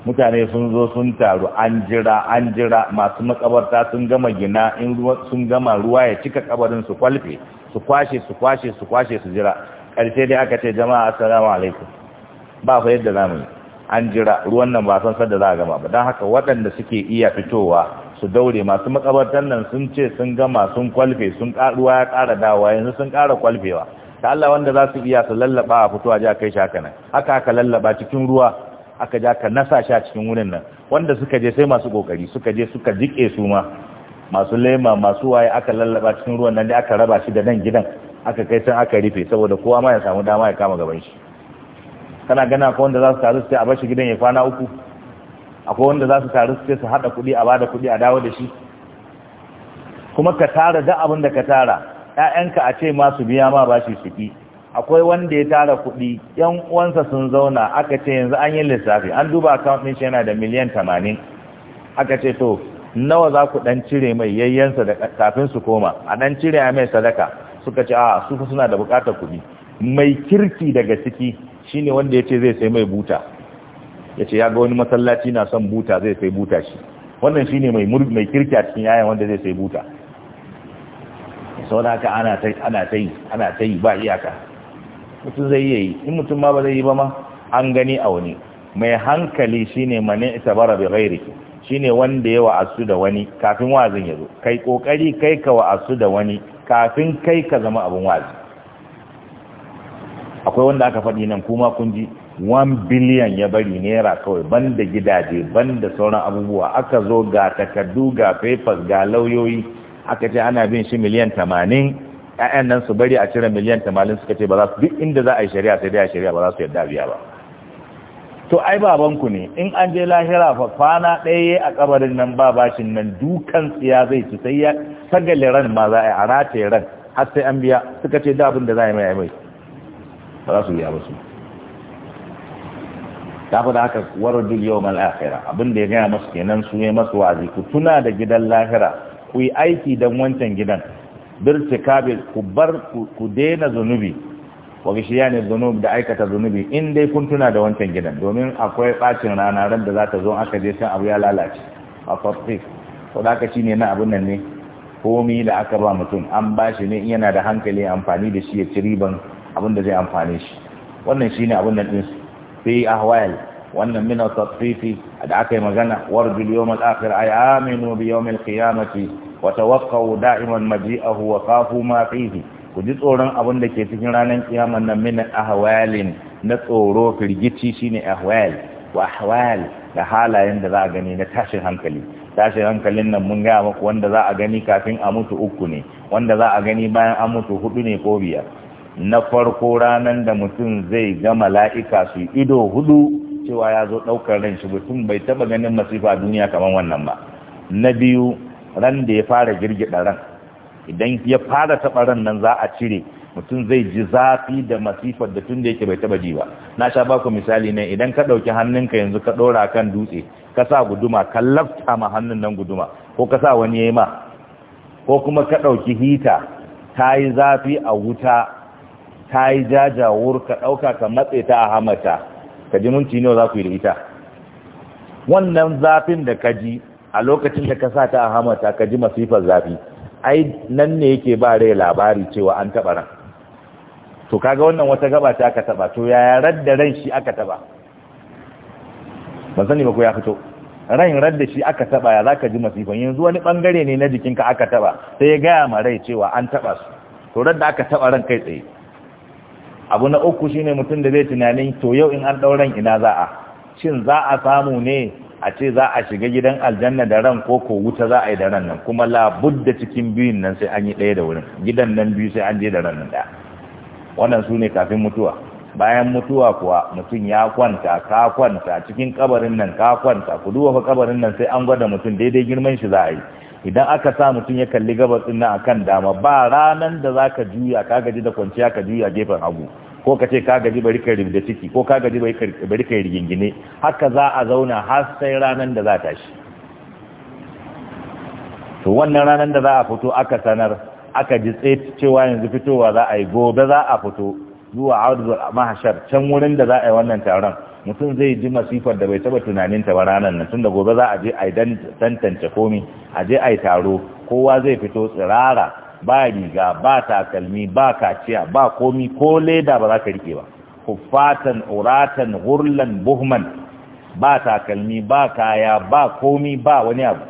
mutane sun zo sun taru an jira an jira masu makabarta sun gama gina in sun gama ruwa ya cika kabarin su kwalfe su kwashe su kwashe su kwashe su jira karshe dai aka ce jama'a assalamu alaikum ba fa yadda zamu yi an jira ruwan nan ba san sadda za a gama ba dan haka waɗanda suke iya fitowa su daure masu makabartan nan sun ce sun gama sun kwalfe sun ruwa ya ƙara dawa yanzu sun ƙara kwalfewa ta Allah wanda za su iya su lallaba a fitowa ja kai shaka nan haka aka lallaba cikin ruwa aka ja ka nasa shi a cikin wurin nan wanda suka je sai masu kokari suka je suka jike su ma masu lema masu waye aka lallaba cikin ruwan nan da aka raba shi da nan gidan aka kai san aka rufe saboda kowa ma ya samu dama ya kama gaban shi kana gana akwai wanda za su taru su sai a bashi gidan ya kwana uku akwai wanda za su taru su sai su haɗa kuɗi a bada kuɗi a dawo da shi kuma ka tara da abin da ka tara ‘ya'yanka a ce ma su biya ma bashi su ki akwai wanda ya tara kuɗi yan uwansa sun zauna aka ce yanzu an yi lissafi an duba account din shi yana da miliyan tamanin aka ce to nawa za ku dan cire mai yayyansa da kafin su koma a dan cire a mai sadaka suka ce a su fa suna da bukatar kuɗi mai kirki daga ciki shine wanda ya ce zai sai mai buta ya ce ya ga wani masallaci na son buta zai sai buta shi wannan shine mai mai kirki a cikin yayan wanda zai sai buta sau da haka ana ta yi ba iyaka mutum zai yi in mutum ma ba zai yi ba ma an gani a wani mai hankali shine mani bara bi ghairi shine wanda ya wa'asu da wani kafin wazin ya zo kai kokari kai ka wa'asu da wani kafin kai ka zama abin wazi akwai wanda aka faɗi nan kuma kun ji 1 biliyan ya bari naira kawai banda gidaje banda sauran abubuwa aka zo ga takardu ga papers ga lauyoyi aka ce ana bin shi miliyan tamanin ƴaƴan nan su bari a cire miliyan tamanin suka ce ba za su duk inda za a yi shari'a sai dai a shari'a ba za su yadda biya ba to ai babanku ne in an je lahira fa kwana ɗaya a kabarin nan ba bashin nan dukan tsiya zai ci sai ya tagale ran ma za a yi a rataye ran har sai an biya suka ce da abin da za a yi mai mai ba za su biya ba su ta fi da haka warudul yau mal akhira abin da ya gaya masu kenan su ne masu wazi ku tuna da gidan lahira ku yi aiki don wancan gidan kabil ku bar ku daina zunubi wa ne zunubi da aikata zunubi in dai kun tuna da wancan gidan domin akwai bacin rana ran da za ta zo aka je san abu ya lalace a kwafi ko da aka shine na abun nan ne komi da aka ba mutum an ba shi ne yana da hankali amfani da shi ya ci riban abin da zai amfane shi wannan shine abun nan din fi ahwal wannan mina at da aka yi magana warjul yawm al-akhir ay aminu bi yawm al-qiyamati da'iman maji'ahu wa وخافوا ma fihi ku ji tsoron abin da ke cikin ranar kiyaman nan min ahwalin na tsoro firgici shine ahwal wa ahwal da halayen da za a gani na tashin hankali tashin hankalin nan mun gaya maku wanda za a gani kafin a mutu uku ne wanda za a gani bayan an mutu hudu ne ko biyar na farko ranar da mutum zai ga mala'ika su ido hudu cewa ya zo ɗaukar ran shi mutum bai taba ganin masifa duniya kamar wannan ba na biyu ran da ya fara girgida ran idan ya fara taɓa ran nan za a cire mutum zai ji zafi da masifar da tun da yake bai taba ji ba na sha baku misali ne idan ka ɗauki hannunka yanzu ka ɗora kan dutse ka sa guduma ka lafta ma hannun nan guduma ko ka sa wani ya ma ko kuma ka ɗauki hita ta yi zafi a wuta ta yi jajawur ka ɗauka ka matse ta a hamata ka ji ci nawa za ku yi da ita wannan zafin da ka ji a lokacin da ka sa ta a hamata ka ji masifar zafi ai nan ne yake ba rai labari cewa an taɓa ran to kaga wannan wata gaba ta aka taɓa to yaya radda ran shi aka taɓa ban sani ba ko ya fito ran radda shi aka taɓa ya za ka ji masifan yanzu wani ɓangare ne na jikinka aka taɓa sai ya gaya ma rai cewa an taɓa su to radda aka taɓa ran kai tsaye abu na uku shine mutum da zai tunanin to yau in an ɗauran ina za a shin za a samu ne a ce za a shiga gidan aljanna da ran ko ko wuta za a yi da ran nan kuma labudda cikin biyun nan sai an yi ɗaya da wurin gidan nan biyu sai an je da ran nan ɗaya wannan su ne kafin mutuwa bayan mutuwa kuwa mutum ya kwanta ka kwanta cikin kabarin nan ka kwanta ku duba kabarin nan sai an gwada mutum daidai girman shi za a yi idan aka sa mutum ya kalli gabas din nan akan dama ba ranan da zaka juya ka gaji da kwanciya ka juya gefen hagu ko ka ce ka gaji bari ka ciki ko ka gaji bari ka rigingine haka za a zauna har sai ranar da za ta shi to wannan ranar da za a fito aka sanar aka ji tsaye cewa yanzu fitowa za a yi gobe za a fito zuwa arzul mahashar can wurin da za a yi wannan taron mutum zai ji masifar da bai taba tunanin ta ba ranar nan tunda gobe za a je a yi tantance komi a je a yi taro kowa zai fito tsirara ba riga ba takalmi ba kaciya ba komi ko leda ba za ka rike ba kufatan uratan hurlan buhman ba takalmi ba kaya ba komi ba wani abu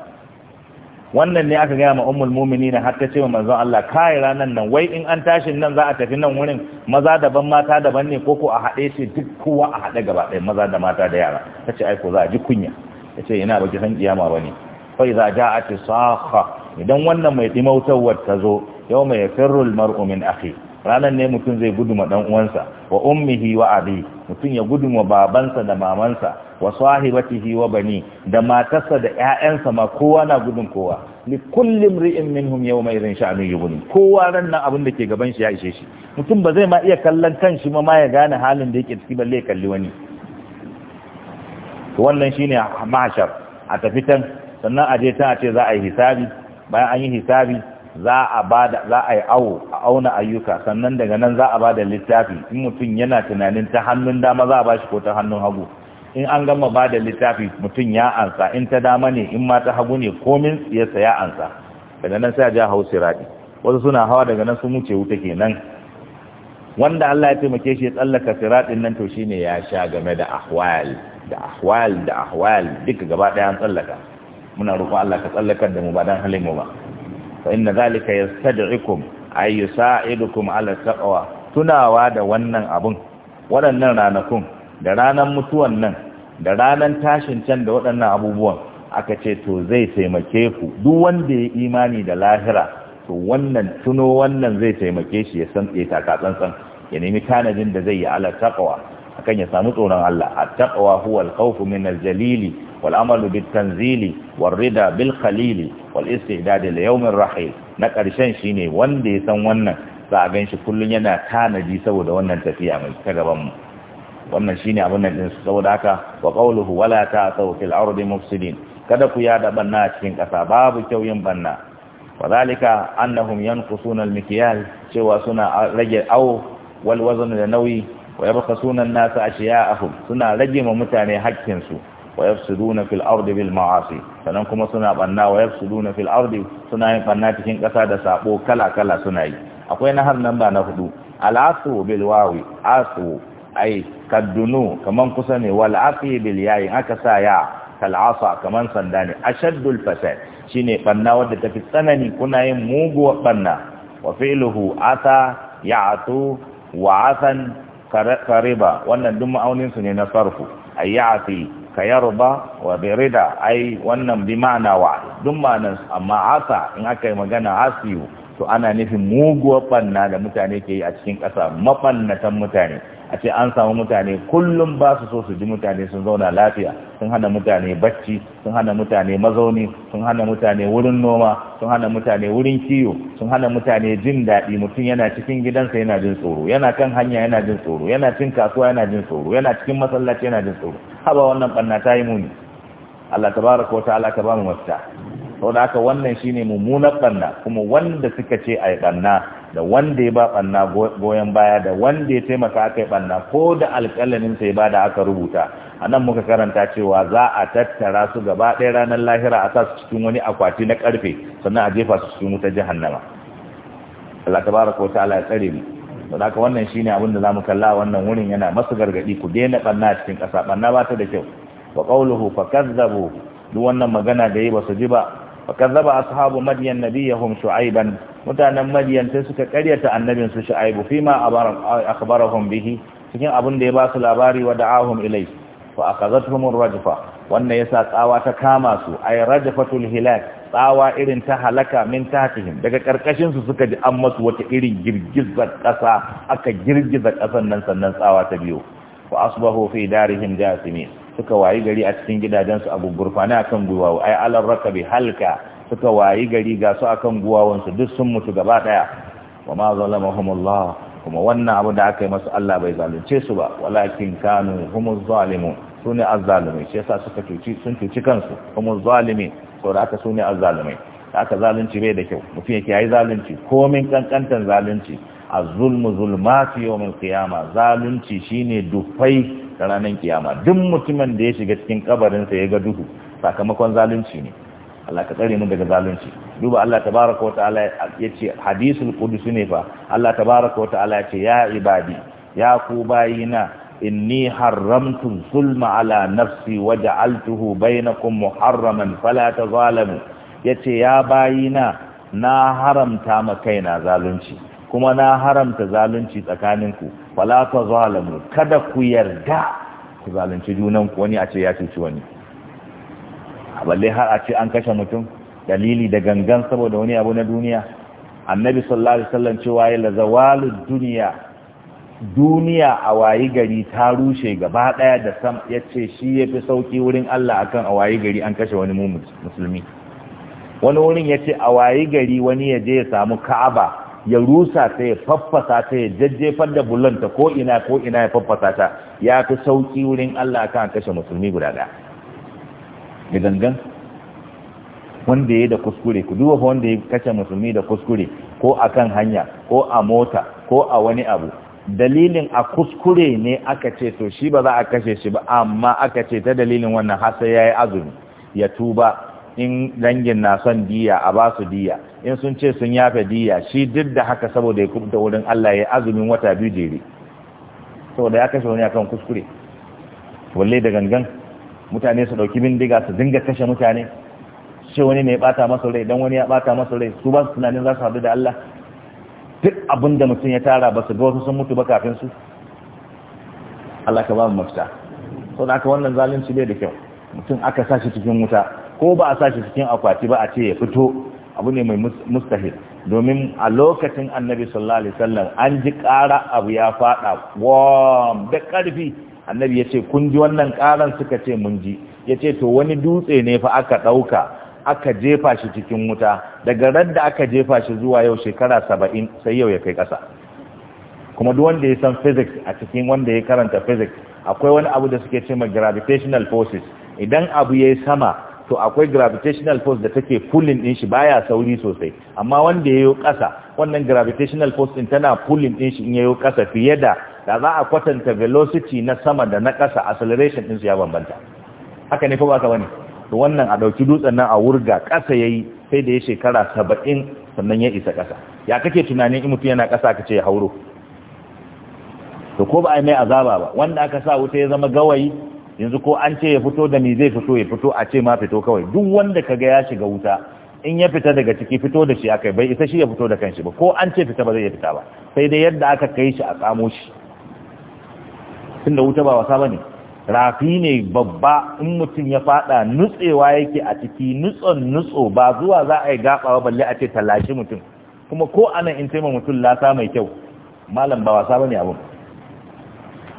wannan ne aka gaya ma ummul mu'minin har ta ce manzon Allah kai ranan nan wai in an tashi nan za a tafi nan wurin maza daban mata daban ne koko a haɗe shi duk kowa a haɗe gaba ɗaya maza da mata da yara tace ai ko za a ji kunya tace ina baki san kiyama bane fa iza ja'at sakha idan wannan mai dimautawar ta zo yau mai firrul mar'u min akhi ranar ne mutum zai guduma dan uwansa wa ummihi wa abi mutum ya guduma babansa da mamansa wa sahibatihi wa bani da matarsa da ƴaƴansa ma kowa na gudun kowa li kulli mri'in minhum yawma idhin sha'nu yughni kowa ran nan abin da ke gaban shi ya ishe shi mutum ba zai ma iya kallon kanshi ma ma ya gane halin da yake ciki balle kalli wani wannan shine mahshar a tafitan sannan a je ta ce za a yi hisabi bayan an yi hisabi za a bada za a yi awo a auna ayyuka sannan daga nan za a bada littafi in mutum yana tunanin ta hannun dama za a bashi ko ta hannun hagu in an gama bada littafi mutum ya ansa in ta dama ne in ma ta hagu ne komin tsiyarsa ya ansa daga nan sai a ja hausi raɗi wasu suna hawa daga nan sun wuce wuta kenan wanda Allah ya taimake shi ya tsallaka siratin nan to shine ya sha game da ahwal da ahwal da ahwal duka gaba ɗaya an tsallaka muna roƙon Allah ka tsallakar da mu ba dan halin mu ba fa inna zalika yastad'ikum ay yusa'idukum ala taqwa tunawa da wannan abun waɗannan ranakun da ranan mutuwan nan da ranan tashin can da waɗannan abubuwan aka ce to zai taimake ku duk wanda ya imani da lahira to wannan tuno wannan zai taimake shi ya san ya tsantsan ya nemi tanadin da zai yi ala taqwa akan ya samu tsoron Allah at-taqwa huwa al-khawf min al-jalili wal amalu bit-tanzili war rida bil khalili wal istihdad li yawm rahil na karshen shine wanda ya san wannan za a ganshi kullun yana tanadi saboda wannan tafiya mai ta gaban mu wannan shine abin nan din saboda haka wa qawluhu wala ta'thaw fil ardi mufsidin kada ku yada banna cikin kasa babu kyau yin banna وذلك أنهم cewa suna rage سنة رجل أو da nauyi. wa yabkhasuna an-nasa ashiya'ahum suna rage ma mutane hakkin su wa yafsiduna fil ardi bil ma'asi sannan kuma suna banna wa yafsiduna fil ardi suna yin banna cikin ƙasa da sabo kala kala suna yi akwai har nan ba na hudu al'asu bil wawi asu ai kaddunu kaman kusa ne wal aqi bil yayi aka sa ya kal asa kaman sanda ne ashaddul fasad shine banna wadda tafi tsanani kuna yin muguwar banna wa fi'luhu ata ya'tu wa asan fariba wannan duk ma'auninsu ne na sarfu a ya'afi ka yarba wa birida ai wannan bi ma'ana wa duk ma'anan amma asa in aka yi magana asiyu to ana nufin muguwar banna da mutane ke yi a cikin ƙasa mabannatan mutane a ce an samu mutane kullum ba su so su ji mutane sun zauna lafiya sun hana mutane bacci sun hana mutane mazauni sun hana mutane wurin noma sun hana mutane wurin kiyo sun hana mutane jin daɗi mutum yana cikin gidansa yana jin tsoro yana kan hanya yana jin tsoro yana cin kasuwa yana jin tsoro yana cikin masallaci yana jin tsoro haba wannan ɓanna ta yi muni Allah tabaraka wa ta'ala ka ba mu mafita saboda haka wannan shine mummunan ɓanna kuma wanda suka ce a yi ɓanna da wanda ya ba banna goyon baya da wanda ya taimaka aka yi banna ko da alƙalanin sai ba da aka rubuta a nan muka karanta cewa za a tattara su gaba ɗaya ranar lahira a sa su cikin wani akwati na ƙarfe sannan a jefa su cikin wuta jahannama Allah tabaraka wa ta'ala ya tsare mu don haka wannan shine abin da zamu kalla wannan wurin yana masu gargadi ku daina banna cikin ƙasa banna ba ta da kyau wa qawluhu fakazzabu duk wannan magana da yi ba su ji ba Baka fakazzaba ashabu madyan nabiyahum shu'aiban mutanen madyan sai suka karyata annabin su shu'aibu fima akhbarahum bihi cikin abin da ya basu labari wa da'ahum ilai fa akhadhatuhum rajfa wannan yasa tsawa ta kama su ay rajfatul hilak tsawa irin ta halaka min tahtihim daga karkashin su suka ji an masu wata irin girgizar kasa aka girgiza kasan nan sannan tsawa ta biyo fa asbahu fi darihim jasimin suka wayi gari a cikin gidajensu abu gurfana akan gwiwawo ai alar rakabi halka suka wayi gari ga su akan wansu duk sun mutu gaba daya wa ma zalamahumullah kuma wannan abu da aka yi masa Allah bai zalunce su ba walakin kanu humuz zalimu sune azzalimi shi yasa suka tuci sun cuci kansu humuz to da aka sune azzalimi aka zalunci bai da kyau mutum yake yayi zalunci komin kankantan zalunci azulmu zulmu zulmatu yawmil qiyama zalunci shine dufai ranan kiyama duk mutumin da ya shiga cikin kabarin sa ga duhu sakamakon zalunci ne Allah ka tsare mu daga zalunci duba Allah tabaraka wataala yace hadisul qudsi ne fa Allah tabaaraka wataala yace ya ibadi ya ku bayina inni haramtu zulma ala nafsi wa ja'altuhu bainakum muharraman fala tazalamu yace ya bayina na haramta ma kaina zalunci kuma na haramta zalunci tsakaninku wala ta zalamu kada ku yarda ku zalunci junanku wani a ce ya cuci wani balle har a ce an kashe mutum dalili da gangan saboda wani abu na duniya annabi sallallahu alaihi wasallam cewa ya lazawalu duniya duniya a wayi gari ta rushe gaba daya da sam yace shi yafi sauki wurin Allah akan a wayi gari an kashe wani musulmi wani wurin yace a wayi gari wani ya je ya samu Ka'aba ya rusa ta ya faffasa ta ya jajjefar da bulanta ko ina ko ina ya faffasa ta ya fi sauki wurin Allah kan kashe musulmi guda ɗaya da gangan wanda ya da kuskure ku duba wanda ya kashe musulmi da kuskure ko a kan hanya ko a mota ko a wani abu dalilin a kuskure ne aka ce to shi ba za a kashe shi ba amma aka ce ta dalilin wannan hasa ya yi azumi ya tuba in dangin na son diya a ba su diya in sun ce sun yafe diya shi duk da haka saboda ya kubuta wurin Allah ya azumin wata biyu jere saboda ya kashe wani akan kuskure walle da gangan mutane su dauki bindiga su dinga kashe mutane ce wani ne ya bata masa rai dan wani ya bata masa rai su ba su tunanin za su haɗu da Allah duk abin da mutum ya tara ba su ga wasu sun mutu ba kafin su Allah ka ba mu mafita saboda haka wannan zalunci bai da kyau mutum aka sa shi cikin wuta ko ba a sashi cikin akwati ba a ce ya fito abu ne mai mustahil domin a lokacin annabi sallallahu alaihi wasallam an ji ƙara abu ya fada wam da ƙarfi annabi ya ce kun ji wannan ƙaran suka ce mun ji ya ce to wani dutse ne fa aka ɗauka aka jefa shi cikin wuta daga ran da aka jefa shi zuwa yau shekara saba'in sai yau ya kai ƙasa kuma duk wanda ya san physics a cikin wanda ya karanta physics akwai wani abu da suke ce ma gravitational forces idan abu ya yi sama to akwai gravitational force da take pulling din shi baya sauri sosai amma wanda yayo kasa wannan gravitational force din tana pulling din shi in yayo kasa fiye da da za a kwatanta velocity na sama da na kasa acceleration din su ya bambanta haka ne fa ba ka bane to wannan a dauki dutsen nan a wurga kasa yayi sai da ya shekara 70 sannan ya isa kasa ya kake tunanin in mutum yana kasa ka ce ya hauro to ko ba a mai azaba ba wanda aka sa wuta ya zama gawayi yanzu ko an ce ya fito da ni zai fito ya fito a ce ma fito kawai duk wanda kaga ya shiga wuta in ya fita daga ciki fito da shi akai bai isa shi ya fito da kanshi ba ko an ce fita ba zai fita ba sai dai yadda aka kai shi a tsamo shi tunda wuta ba wasa bane rafi ne babba in mutum ya fada nutsewa yake a ciki nutson nutso ba zuwa za a yi gabawa balle a ce talashi mutum kuma ko ana in taimaka mutum lasa mai kyau malam ba wasa bane abun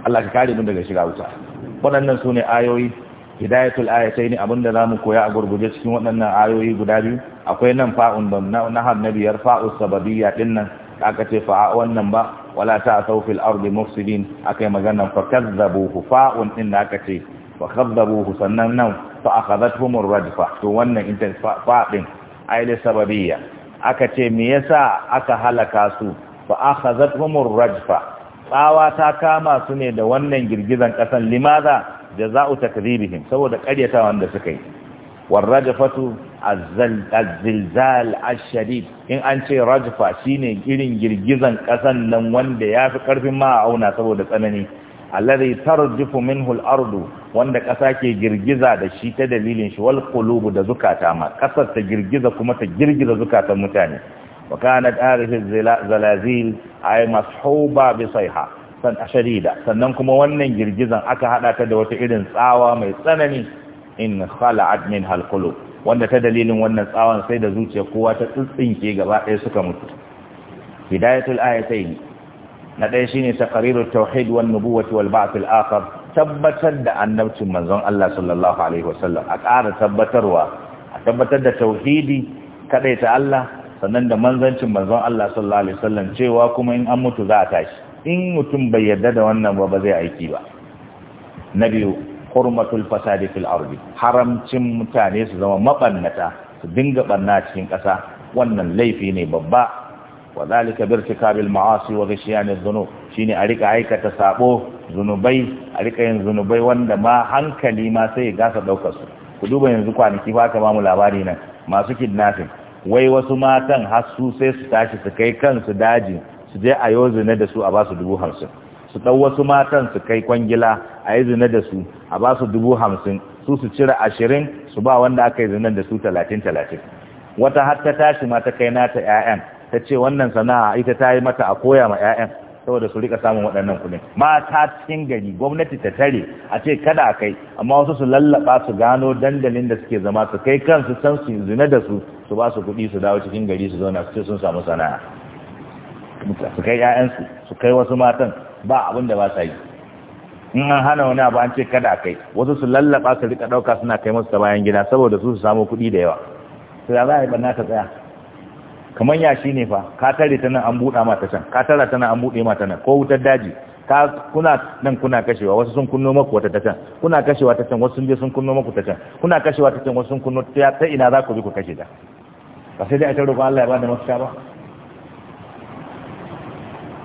Allah ka kare mun daga shiga wuta waɗannan su ne ayoyi hidayatul ayatai ne abinda za mu koya a gurguje cikin waɗannan ayoyi guda biyu akwai nan fa'un da nahar na biyar fa'u sababiyya ɗin nan da aka ce fa'a wannan ba wala ta asau fil ardi mufsidin aka yi maganar fa kazzabuhu fa'un ɗin da aka ce fa kazzabuhu sannan nan fa akhadathumur rajfa to wannan ita fa ɗin aile sababiyya aka ce me yasa aka halaka su fa akhadathumur rajfa tsawa ta kama su ne da wannan girgizan ƙasan limaza da za jaza'u takdhibihim saboda ƙaryata wanda suka yi war rajfatu az-zilzal in an ce rajfa shine irin girgizan ƙasan nan wanda ya fi ƙarfin ma auna saboda tsanani alladhi tarjifu minhu al-ardu wanda ƙasa ke girgiza da shi ta dalilin shi wal qulubu da zukata ma ƙasar ta girgiza kuma ta girgiza zukatan mutane وكانت هذه الزلازل أي مصحوبة بصيحة شديدة سننكم ونن جرجزا أكا هذا تدوت إذن ساوى ميسانني إن خلعت منها halkulu. wanda ta dalilin wannan tsawon sai da zuciya kowa ta tsintsinke gaba ɗaya suka mutu hidayatul ayatayn na ɗaya shine taqrirut tauhid wan nubuwati wal ba'th al akhar tabbatar da annabcin manzon Allah sallallahu alaihi wasallam a ƙara tabbatarwa a tabbatar da tauhidi ta Allah sannan da manzancin manzon Allah sallallahu alaihi wasallam cewa kuma in an mutu za a tashi in mutum bai yarda da wannan ba ba zai aiki ba na biyu hurmatul fasadi fil ardi haramcin mutane su zama mabannata su dinga banna cikin ƙasa wannan laifi ne babba wa zalika birtikabil ma'asi wa ghishyanidh dhunub shine a rika aikata sabo zunubai a rika yin zunubai wanda ma hankali ma sai ya gasa daukar su ku duba yanzu kwanaki ba ka ba mu labari nan masu kidnapping wai wasu matan har su sai su tashi su kai kansu daji su je a yau da su a ba dubu hamsin su ɗau wasu matan su kai kwangila a yi zina da su a ba su dubu hamsin su su cire ashirin su ba wanda aka yi zinan da su talatin talatin wata har ta tashi ma ta kai nata 'ya'yan ta ce wannan sana'a ita ta yi mata a koya ma 'ya'yan saboda su rika samun waɗannan kuɗin mata cikin gari gwamnati ta tare a ce kada kai amma wasu su lallaba su gano dandalin da suke zama su kai kansu san su zina da su su ba su kuɗi su dawo cikin gari su zauna su ce sun samu sana'a su kai 'ya'yansu su kai wasu matan ba abin da ba sa yi in an hana wani abu an ce kada kai wasu su lallaba su rika ɗauka suna kai masu ta bayan gida saboda su su samu kuɗi da yawa sai za a yi ɓanna ta tsaya kamar yashi ne fa ka tare ta nan an buɗa mata can ka tara ta nan an buɗe mata nan ko wutar daji ka kuna nan kuna kashewa wasu sun kunno maku wata ta can kuna kashewa ta can wasu sun je sun kunno maku ta can kuna kashewa ta can wasu sun kunno ta ta ina za ku bi ku kashe ta ba sai dai a ku Allah ya bada mafita ba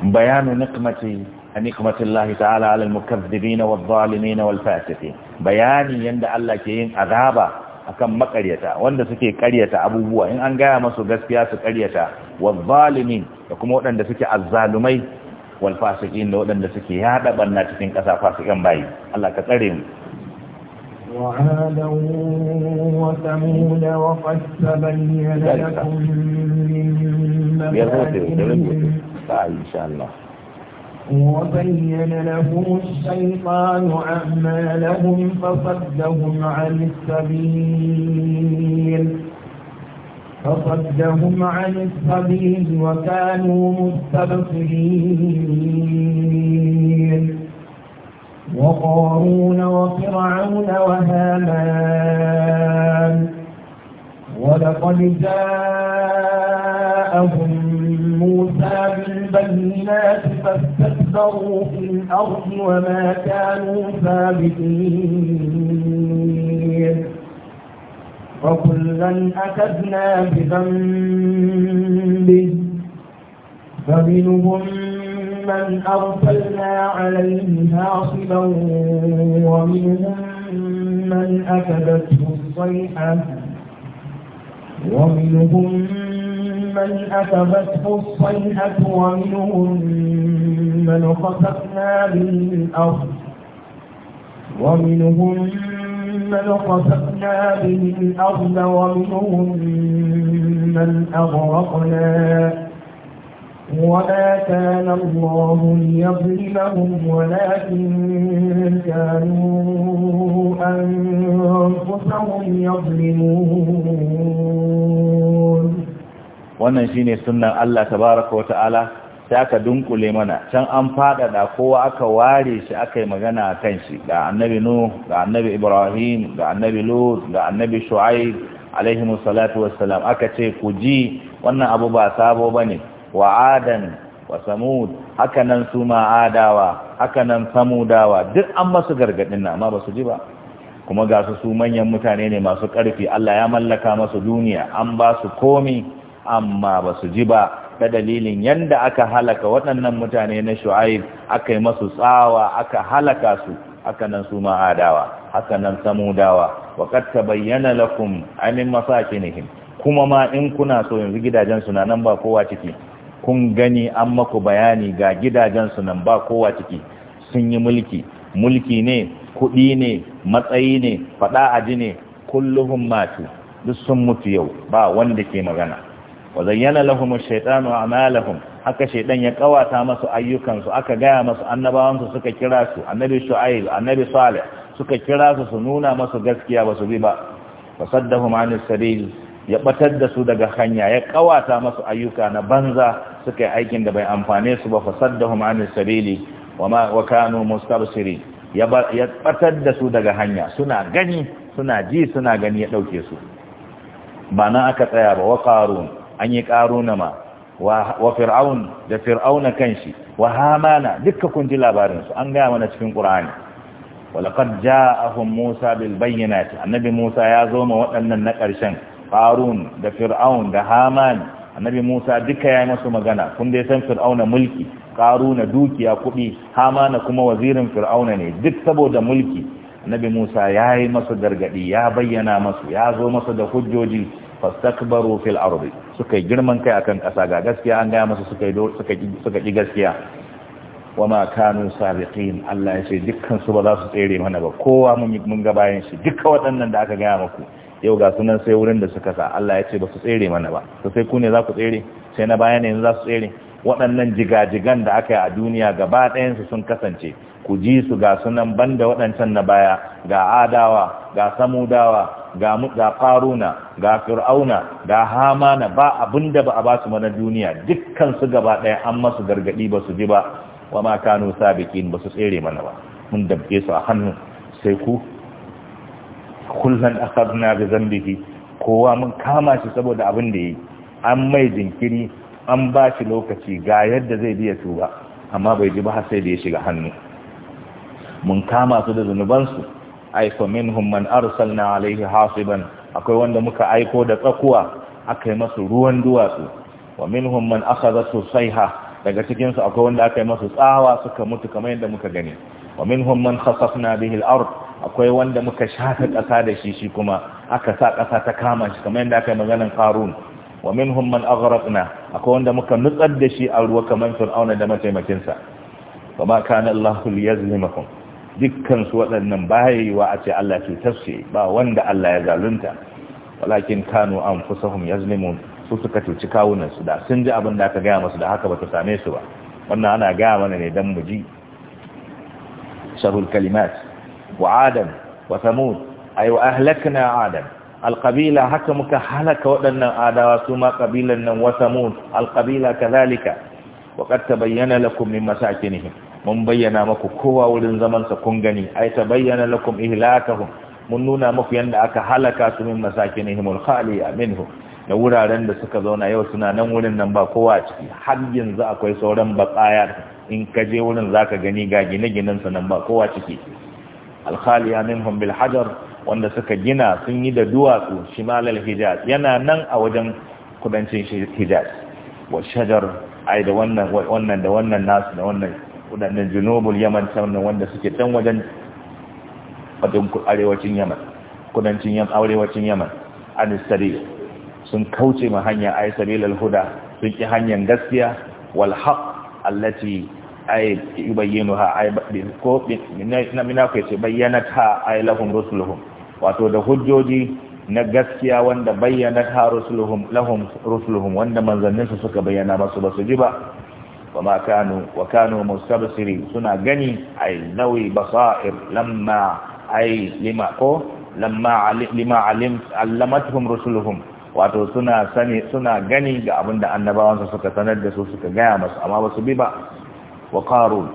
bayanu niqmati niqmatillahi ta'ala alal mukazzibina wadh wal wal-fasiqin bayani yanda Allah ke yin azaba akan makaryata wanda suke karyata abubuwa in an gaya masu gaskiya su karyata wa zalimin da kuma waɗanda suke azzalumai wal fasiqin da waɗanda suke yada banna cikin ƙasa fasikan bayi Allah ka tsare mu وعادا وثمود وقد تبين لكم من مبادئ وبين لهم الشيطان أعمالهم فصدهم عن السبيل فصدهم عن السبيل وكانوا مستبصرين وقارون وفرعون وهامان ولقد جاءوا الأرض وما كانوا ثابتين وكلا أخذنا بذنبه فمنهم من أرسلنا عليه حاصبا ومنهم من أخذته الصيحة ومنهم ممن أخذته الصيحة ومنهم من خسفنا به ومنهم من خسفنا به الأرض ومنهم من أغرقنا وما كان الله ليظلمهم ولكن كانوا أنفسهم يظلمون wannan shine sunnan Allah tabaraka wa ta'ala sai ka dunkule mana can an faɗaɗa kowa aka ware shi aka yi magana a kan shi ga annabi nu ga annabi ibrahim ga annabi lut ga annabi shu'aib alaihimu salatu wassalam aka ce ku ji wannan abu ba sabo bane wa adan wa samud haka nan su ma adawa haka nan samudawa duk an masu gargadin na amma ba su ji ba kuma ga su su manyan mutane ne masu ƙarfi Allah ya mallaka masu duniya an ba su komi amma ba su ji ba da dalilin yanda aka halaka waɗannan mutane na shu'aib aka yi masu tsawa aka halaka su aka nan su ma adawa haka nan samudawa wa qad tabayyana lakum amin masakinihim kuma ma in kuna so yanzu gidajen su na nan ba kowa ciki kun gani an maku bayani ga gidajen su nan ba kowa ciki sun yi mulki mulki ne kuɗi ne matsayi ne faɗa aji ne kulluhum matu duk sun mutu yau ba wanda ke magana wa zayyana lahum ash-shaytanu a'malahum haka shaydan ya kawata masu ayyukansu aka gaya masu annabawan su suka kira su annabi shu'aib annabi salih suka kira su su nuna masu gaskiya ba su bi ba fasaddahum anis sabil ya batar da su daga hanya ya kawata masu ayyuka na banza suka yi aikin da bai amfane su ba fasaddahum anis sabili wa kanu mustabsiri ya batar da su daga hanya suna gani suna ji suna gani ya dauke su ba nan aka tsaya ba wa qarun an yi ƙaruna ma wa fir'aun da fir'auna kanshi wa hamana dukka kun ji labarinsu an gaya mana cikin ƙur'ani walaqad ja'ahum musa bil bayyana bayyinati annabi musa ya zo ma waɗannan na ƙarshen qarun da fir'aun da haman annabi musa duka ya yi masu magana kun dai san fir'auna mulki qaruna dukiya kuɗi hamana kuma wazirin fir'auna ne duk saboda mulki annabi musa ya yi masu gargaɗi ya bayyana masu ya zo masa da hujjoji fastakbaru fil ardi suka girman kai akan kasa ga gaskiya an gaya masa suka yi suka suka ji gaskiya wama kanu sabiqin Allah ya ce dukkan su ba za su tsere mana ba kowa mun mun ga bayan shi dukkan waɗannan da aka gaya muku yau ga sunan sai wurin da suka sa Allah ya ce ba su tsere mana ba to sai ku ne za ku tsere sai na bayan yanzu za su tsere waɗannan jigajigan da aka yi a duniya gaba ɗayan su sun kasance ku ji su ga sunan banda waɗancan na baya ga adawa ga samudawa ga ga qaruna ga fir'auna ga hamana ba abinda ba a basu su mana duniya dukkan su gaba daya an masu gargadi ba su ji ba wa ma kanu sabiqin ba su tsere mana ba mun dabke su a hannu sai ku kullan akhadna bi zambihi kowa mun kama shi saboda abin da yi an mai jinkiri an ba shi lokaci ga yadda zai biya tuba amma bai ji ba sai da ya shiga hannu mun kama su da su. ay Arsal minhum man arsalna alaihi hasiban akwai wanda muka aiko da tsakuwa aka yi masu ruwan duwatsu wa minhum man akhadhatu sayha daga cikinsu akwai wanda aka yi masu tsawa suka mutu kamar yadda muka gani wa minhum man khasafna bihi al-ard akwai wanda muka shafa kasa da shi shi kuma aka sa kasa ta kama shi kamar yadda aka yi maganar qarun wa minhum man aghraqna akwai wanda muka nutsar da shi a ruwa kamar fir'auna da mataimakinsa wa ma kana Allahu liyazlimakum dukkan su waɗannan bayewa a ce Allah ce tafsi ba wanda Allah ya zalunta walakin kanu anfusahum yazlimun su suka cuci kawunan su da sun ji abin da aka gaya masu, da haka bata same su ba wannan ana gaya mana ne dan mu ji sharul kalimat wa adam wa thamud ay ahlakna adam alqabila haka muka halaka waɗannan adawa su ma qabilan nan wa thamud alqabila kadhalika وقد تبين لكم من مساكنهم mun bayyana maku kowa wurin zamansa kun gani ai ta bayyana lakum ihlakahum mun nuna maku yanda aka halaka su min masakinihim alkhaliya minhu da wuraren da suka zauna yau suna nan wurin nan ba kowa a ciki har yanzu akwai sauran batsaya in ka je wurin zaka gani ga gine-ginen su nan ba kowa ciki alkhaliya minhum bil hajar wanda suka gina sun yi da duwatsu shimalal hijaz yana nan a wajen kudancin hijaz wa shajar ai da wannan wannan da wannan nasu da wannan waɗannan junubul yaman sannan wanda suke can wajen fadin arewacin yaman kudancin yaman arewacin yaman anistari sun kauce ma hanya ay sabilal huda sun ki hanyar gaskiya wal haqq allati ay yubayyinuha ay ko na mina ko ce ta ay lahum rusuluhum wato da hujjoji na gaskiya wanda bayyanata rusuluhum lahum rusuluhum wanda manzanninsu suka bayyana su ba su ji ba wa ma kanu wa kanu mustabsiri suna gani ay nawi basair lamma ay lima ko lamma lima alim allamatuhum rusuluhum wato suna sani suna gani ga abinda annabawansu suka sanar da su suka gaya masu amma ba su bi ba wa qarun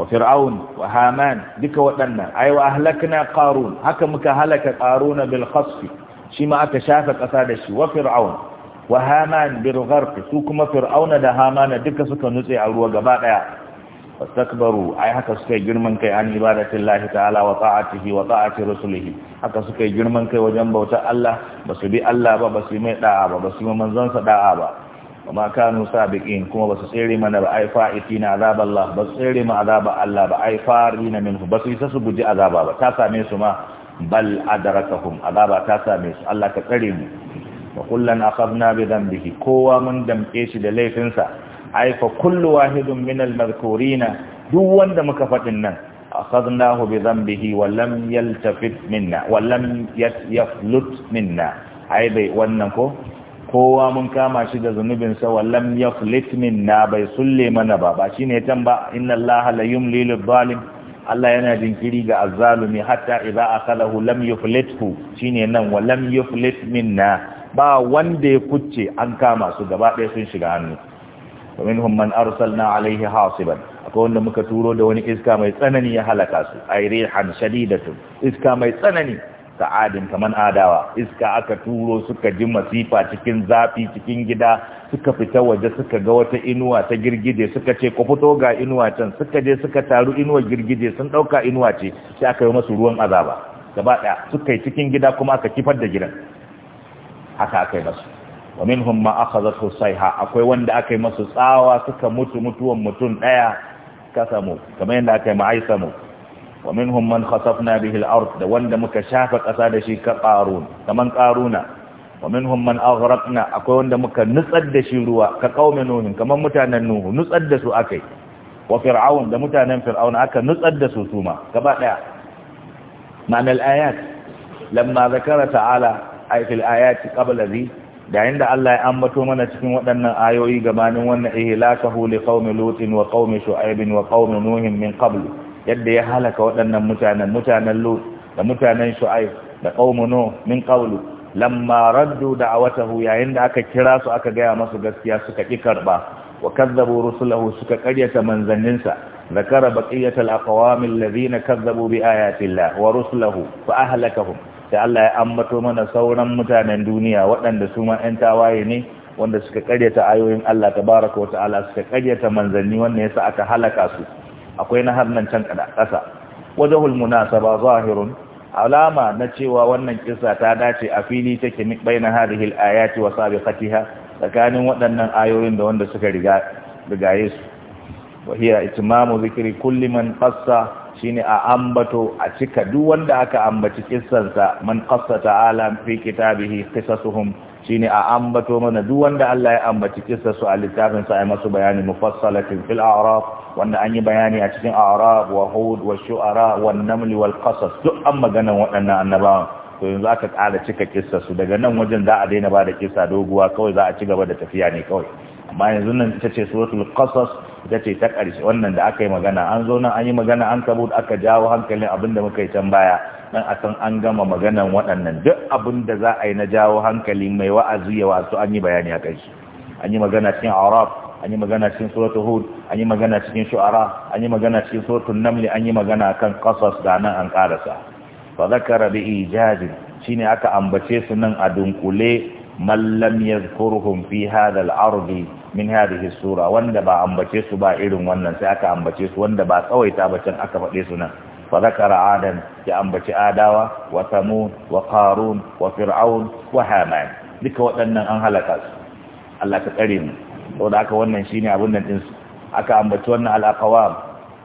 wa fir'aun wa haman duka waɗannan ai wa ahlakna qarun haka muka halaka qaruna bil khasfi shi ma aka shafa ƙasa da shi wa fir'aun wa haman bil gharq su kuma fir'auna da hamana duka suka nutse a ruwa gaba daya takbaru ai haka suka girman kai an ibadatillahi ta'ala wa ta'atihi wa ta'ati rasulihi haka suka girman kai wajen bauta Allah basu bi Allah ba basu mai da'a ba basu mai manzon sa da'a ba amma kanu sabiqin kuma basu tsere mana ba ai fa'itina azaballah basu tsere ma azaba Allah ba ai farina minhu basu isa su guji azaba ba ta same su ma bal adrakahum azaba ta same su Allah ka tsare mu wa kullan akhadna bi dhanbihi kowa mun damke shi da laifinsa ai fa kullu wahidun min al madhkurina duk wanda muka fadin nan akhadnahu bi dhanbihi wa lam yaltafit minna wa lam yaflut minna ai bai wannan ko kowa mun kama shi da zunubinsa wa lam yaflut minna bai sulle mana ba ba shine tan ba inna allaha la yumli lil zalim Allah yana jinkiri ga azzalumi hatta idza akalahu lam yuflithu shine nan wa lam yuflit minna ba wanda ya kucce an kama su gaba ɗaya sun shiga hannu domin humman arsalna alaihi hasiban akwai wanda muka turo da wani iska mai tsanani ya halaka su a rihan shadidatun iska mai tsanani ka adin kaman adawa iska aka turo suka ji masifa cikin zafi cikin gida suka fita waje suka ga wata inuwa ta girgije suka ce ku fito ga inuwa can suka je suka taru inuwa girgije sun ɗauka inuwa ce sai aka yi masu ruwan azaba gaba ɗaya suka yi cikin gida kuma aka kifar da gidan haka aka yi basu wa minhum zato sai ha akwai wanda aka yi masu tsawa suka mutu mutuwan mutum ɗaya daya kasamu kamar yadda aka yi ma aisamu wa minhum man khasafna bihi al-ard da wanda muka shafa ƙasa da shi ka qarun kaman qaruna wa minhum man aghraqna akwai wanda muka nutsar da shi ruwa ka qaumin nuh kamar mutanen Nuhu nutsar da su akai wa fir'aun da mutanen fir'aun aka nutsar da su suma gaba ɗaya ma'anar ayat lamma zakara ta'ala ay fil ayati qabla zi da inda Allah ya ambato mana cikin waɗannan ayoyi gabanin wannan ihlakahu li qaumi lutin wa qaumi shu'aibin wa qaumi nuhin min qabl yadda ya halaka waɗannan mutanen mutanen lut da mutanen shu'aib da qaumi nuh min qabl lamma raddu da'awatahu yayin da aka kira su aka gaya masu gaskiya suka ki karba wa kazzabu rusulahu suka karyata manzanninsa ذكر بقية الأقوام الذين كذبوا بآيات الله ورسله فأهلكهم sai Allah ya ambato mana sauran mutanen duniya waɗanda su ma 'yan tawaye ne wanda suka karyata ayoyin Allah baraka wa ta'ala suka karyata manzanni wanda yasa aka halaka su akwai na harnan can kada kasa wajhul munasaba zahirun alama na cewa wannan kisa ta dace a fili take baina hadhihi al-ayati wa sabiqatiha tsakanin waɗannan ayoyin da wanda suka riga rigaye su wa hiya itmamu dhikri kulli man qassa shine a ambato a cika duk wanda aka ambaci kissansa man qassa ta'ala fi kitabihi qisasuhum shine a ambato mana duk wanda Allah ya ambaci kissasu a littafin sa ai masu bayani mufassalatin fil a'raf wanda an yi bayani a cikin a'raf wa hud wa shu'ara wan naml wal qasas duk an maganan waɗannan annabawan to yanzu aka ƙara cika kissasu daga nan wajen za a daina ba da kissa doguwa kawai za a ci gaba da tafiya ne kawai amma yanzu nan ita ce suratul qasas ita ce ta ƙarshe wannan da aka yi magana an zo nan an yi magana an kabut aka jawo hankalin abinda muka yi can baya nan a san an gama maganan waɗannan duk abin da za a yi na jawo hankali mai wa'azi ya wasu an yi bayani a kai an yi magana cikin arab an yi magana cikin suratu hud an yi magana cikin shu'ara an yi magana cikin suratul namli an yi magana kan qasas da nan an karasa fa zakara bi ijaz shine aka ambace su nan a dunkule man lam yadhkuruhum fi hadha al-ardi min hadhihi sura wanda ba ambace su ba irin wannan sai aka ambace su wanda ba tsawaita ba can aka fade su nan fa zakara adan ya ambaci adawa wa samud wa qarun wa fir'aun wa haman duka waɗannan an halaka su Allah ka tsare mu saboda haka wannan shine abin nan din su aka ambaci wannan al-aqwam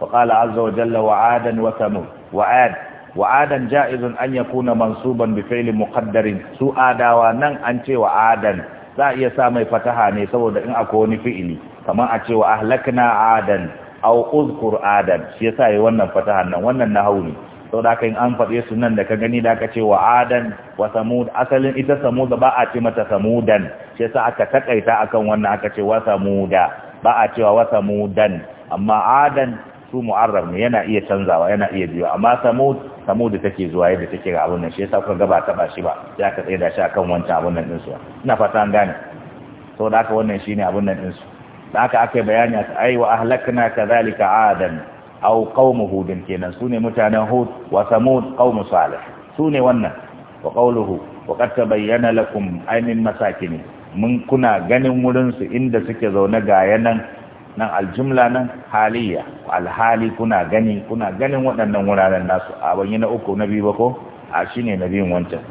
wa qala azza wa jalla wa adan wa samud wa ad wa adan jaizun an yakuna mansuban bi fi'li muqaddarin su adawa nan an ce wa adan za a iya sa mai fataha ne saboda in akwai wani fi'ili kamar a cewa ahlakna adan aw uzkur adan shi yasa yi wannan fataha nan wannan nahawu ne saboda kai in an faɗe su nan da ka gani da aka ce wa adan wa samud asalin ita samud ba a ce mata samudan shi yasa aka takaita akan wannan aka ce wa samuda ba a cewa wa samudan amma adan su mu'arrab ne yana iya canzawa yana iya biyo amma samud da take zuwa yadda take ga abun nan shi yasa kuka gaba ba shi ba ya ka tsaye da shi akan wancan abun nan din su ina fata an gane to da haka wannan shine abun nan din su da haka aka bayani a ai wa ahlakna kadhalika adan aw qaum hud kenan sune mutanen hud wa samud qaum salih sune wannan wa qawluhu wa qad tabayyana lakum aynin masakin mun kuna ganin wurin su inda suke zaune ga yanan nan aljumla nan haliya alhali kuna gani kuna ganin waɗannan wuraren nasu a banyi na uku na biyu ba ko a shine na biyun wancan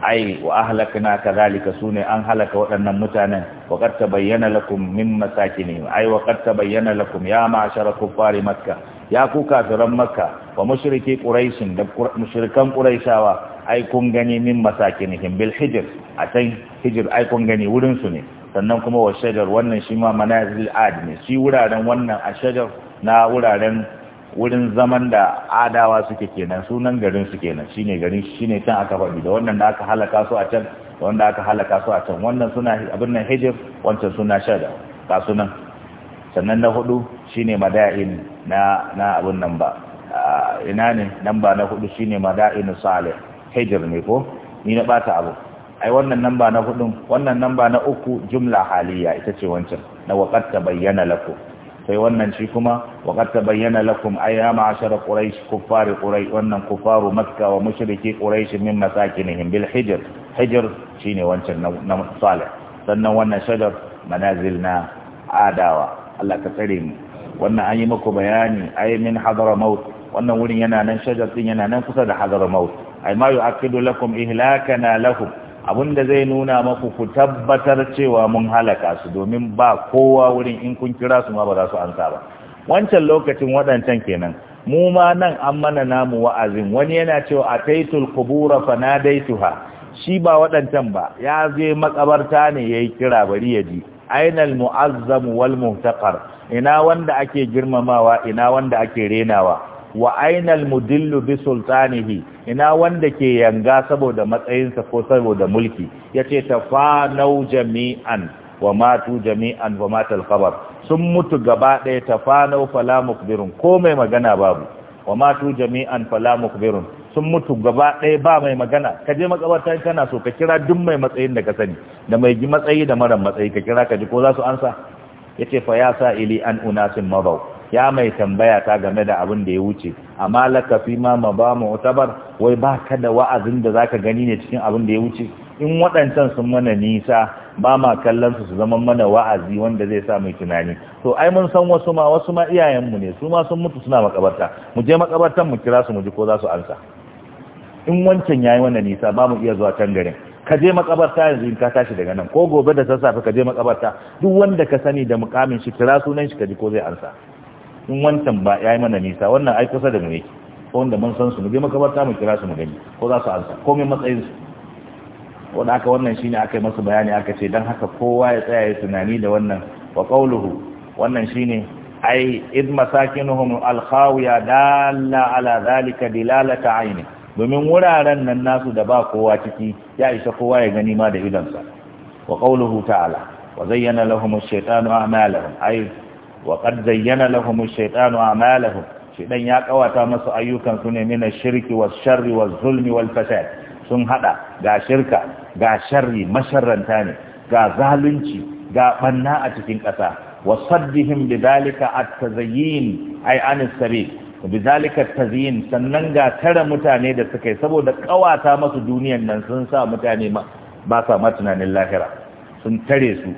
ai wa na ahlakna su ne an halaka waɗannan mutanen wa karta bayyana lakum min ne ai wa karta bayyana lakum ya ma'shara kuffari makka ya ku kafiran makka wa mushriki quraishin da mushrikan quraishawa ai kun gani min ne bil hijr a can hijr ai kun gani wurin su ne sannan kuma wa shajar wannan shi ma manazil ad ne shi wuraren wannan a shajar na wuraren wurin zaman da adawa suke kenan sunan garin nan shi ne garin ne can aka faɗi da wannan da aka halaka su a can da wanda aka halaka su a can wannan suna abin nan hijir wancan suna shada ka sunan sannan na hudu shi ne mada'in na na abin nan ba ina ne nan ba na hudu shi ne mada'in salih hijir ne ko ni na bata abu ai wannan namba na hudun wannan namba na uku jumla haliya ita ce wancan na waqad tabayyana lakum sai wannan shi kuma waqad tabayyana lakum ayya ma'ashara quraish kuffar quraish wannan kuffaru makka wa mushriki quraish min masakinihim bil hijr hijr shine wancan na salih sannan wannan shajar shadar na adawa Allah ka tsare mu wannan an yi muku bayani ay min hadara maut wannan wurin yana nan shajar din yana nan kusa da hadara maut ay ma yu'akkidu lakum ihlakana lahum da zai nuna maku ku tabbatar cewa mun halaka su domin ba kowa wurin in kun kira su ma ba za su ansa ba wancan lokacin waɗancan kenan mu ma nan an mana namu wa'azin wani yana cewa a ataitul qubura fanadaituha shi ba waɗancan ba ya je makabarta ne yayi kira bari ya ji ainal mu'azzam wal muhtaqar ina wanda ake girmamawa ina wanda ake renawa wa ainal mudillu bi sultanihi ina wanda ke yanga saboda matsayinsa ko saboda mulki yace tafanau jami'an wa matu jami'an wa matal khabar sun mutu gaba ɗaya tafanau fala mukbirun ko mai magana babu wa matu jami'an fala mukbirun sun mutu gaba ɗaya ba mai magana ka je makabarta kana so ka kira duk mai matsayin da ka sani da mai matsayi da mara matsayi ka kira ka ji ko za su ansa yace fa ya sa ili an unasin mabau ya mai tambaya ta game da abin da ya wuce amma laka fi ma ma ba mu utabar wai ba ka da wa'azin da zaka gani ne cikin abin da ya wuce in waɗancan sun mana nisa ba ma kallon su su zama mana wa'azi wanda zai sa mai tunani to ai mun san wasu ma wasu ma iyayenmu ne su ma sun mutu suna makabarta mu je makabartan mu kira su mu ji ko za su ansa in wancan yayi wannan nisa ba mu iya zuwa can garin ka je makabarta yanzu in ka tashi daga nan ko gobe da sassafe ka je makabarta duk wanda ka sani da mukamin shi kira sunan shi ka ji ko zai ansa in wancan ba ya yi mana nisa wannan ai kusa da mu yake ko wanda mun san su mu je makabarta mu kira su mu gani ko za su ansa komai matsayin su wanda aka wannan shine aka yi masa bayani aka ce dan haka kowa ya tsaya ya tunani da wannan wa qawluhu wannan shine ai id masakinuhum al-khawiya dalla ala zalika dilalata aini domin wuraren nan nasu da ba kowa ciki ya isa kowa ya gani ma da idansa wa qawluhu ta'ala wa zayyana lahum ash-shaytanu a'malahum ai wa qad zayyana lahum ash-shaytanu a'malahum shaytan ya kawata masu ayyukan su ne min shirki wash zulmi sun hada ga shirka ga sharri masharranta ne ga zalunci ga banna a cikin ƙasa wa saddihim bidhalika at-tazayyin ay an sabil sannan ga tara mutane da suka yi saboda kawata musu duniyar nan sun sa mutane ba sa ma tunanin lahira sun tare su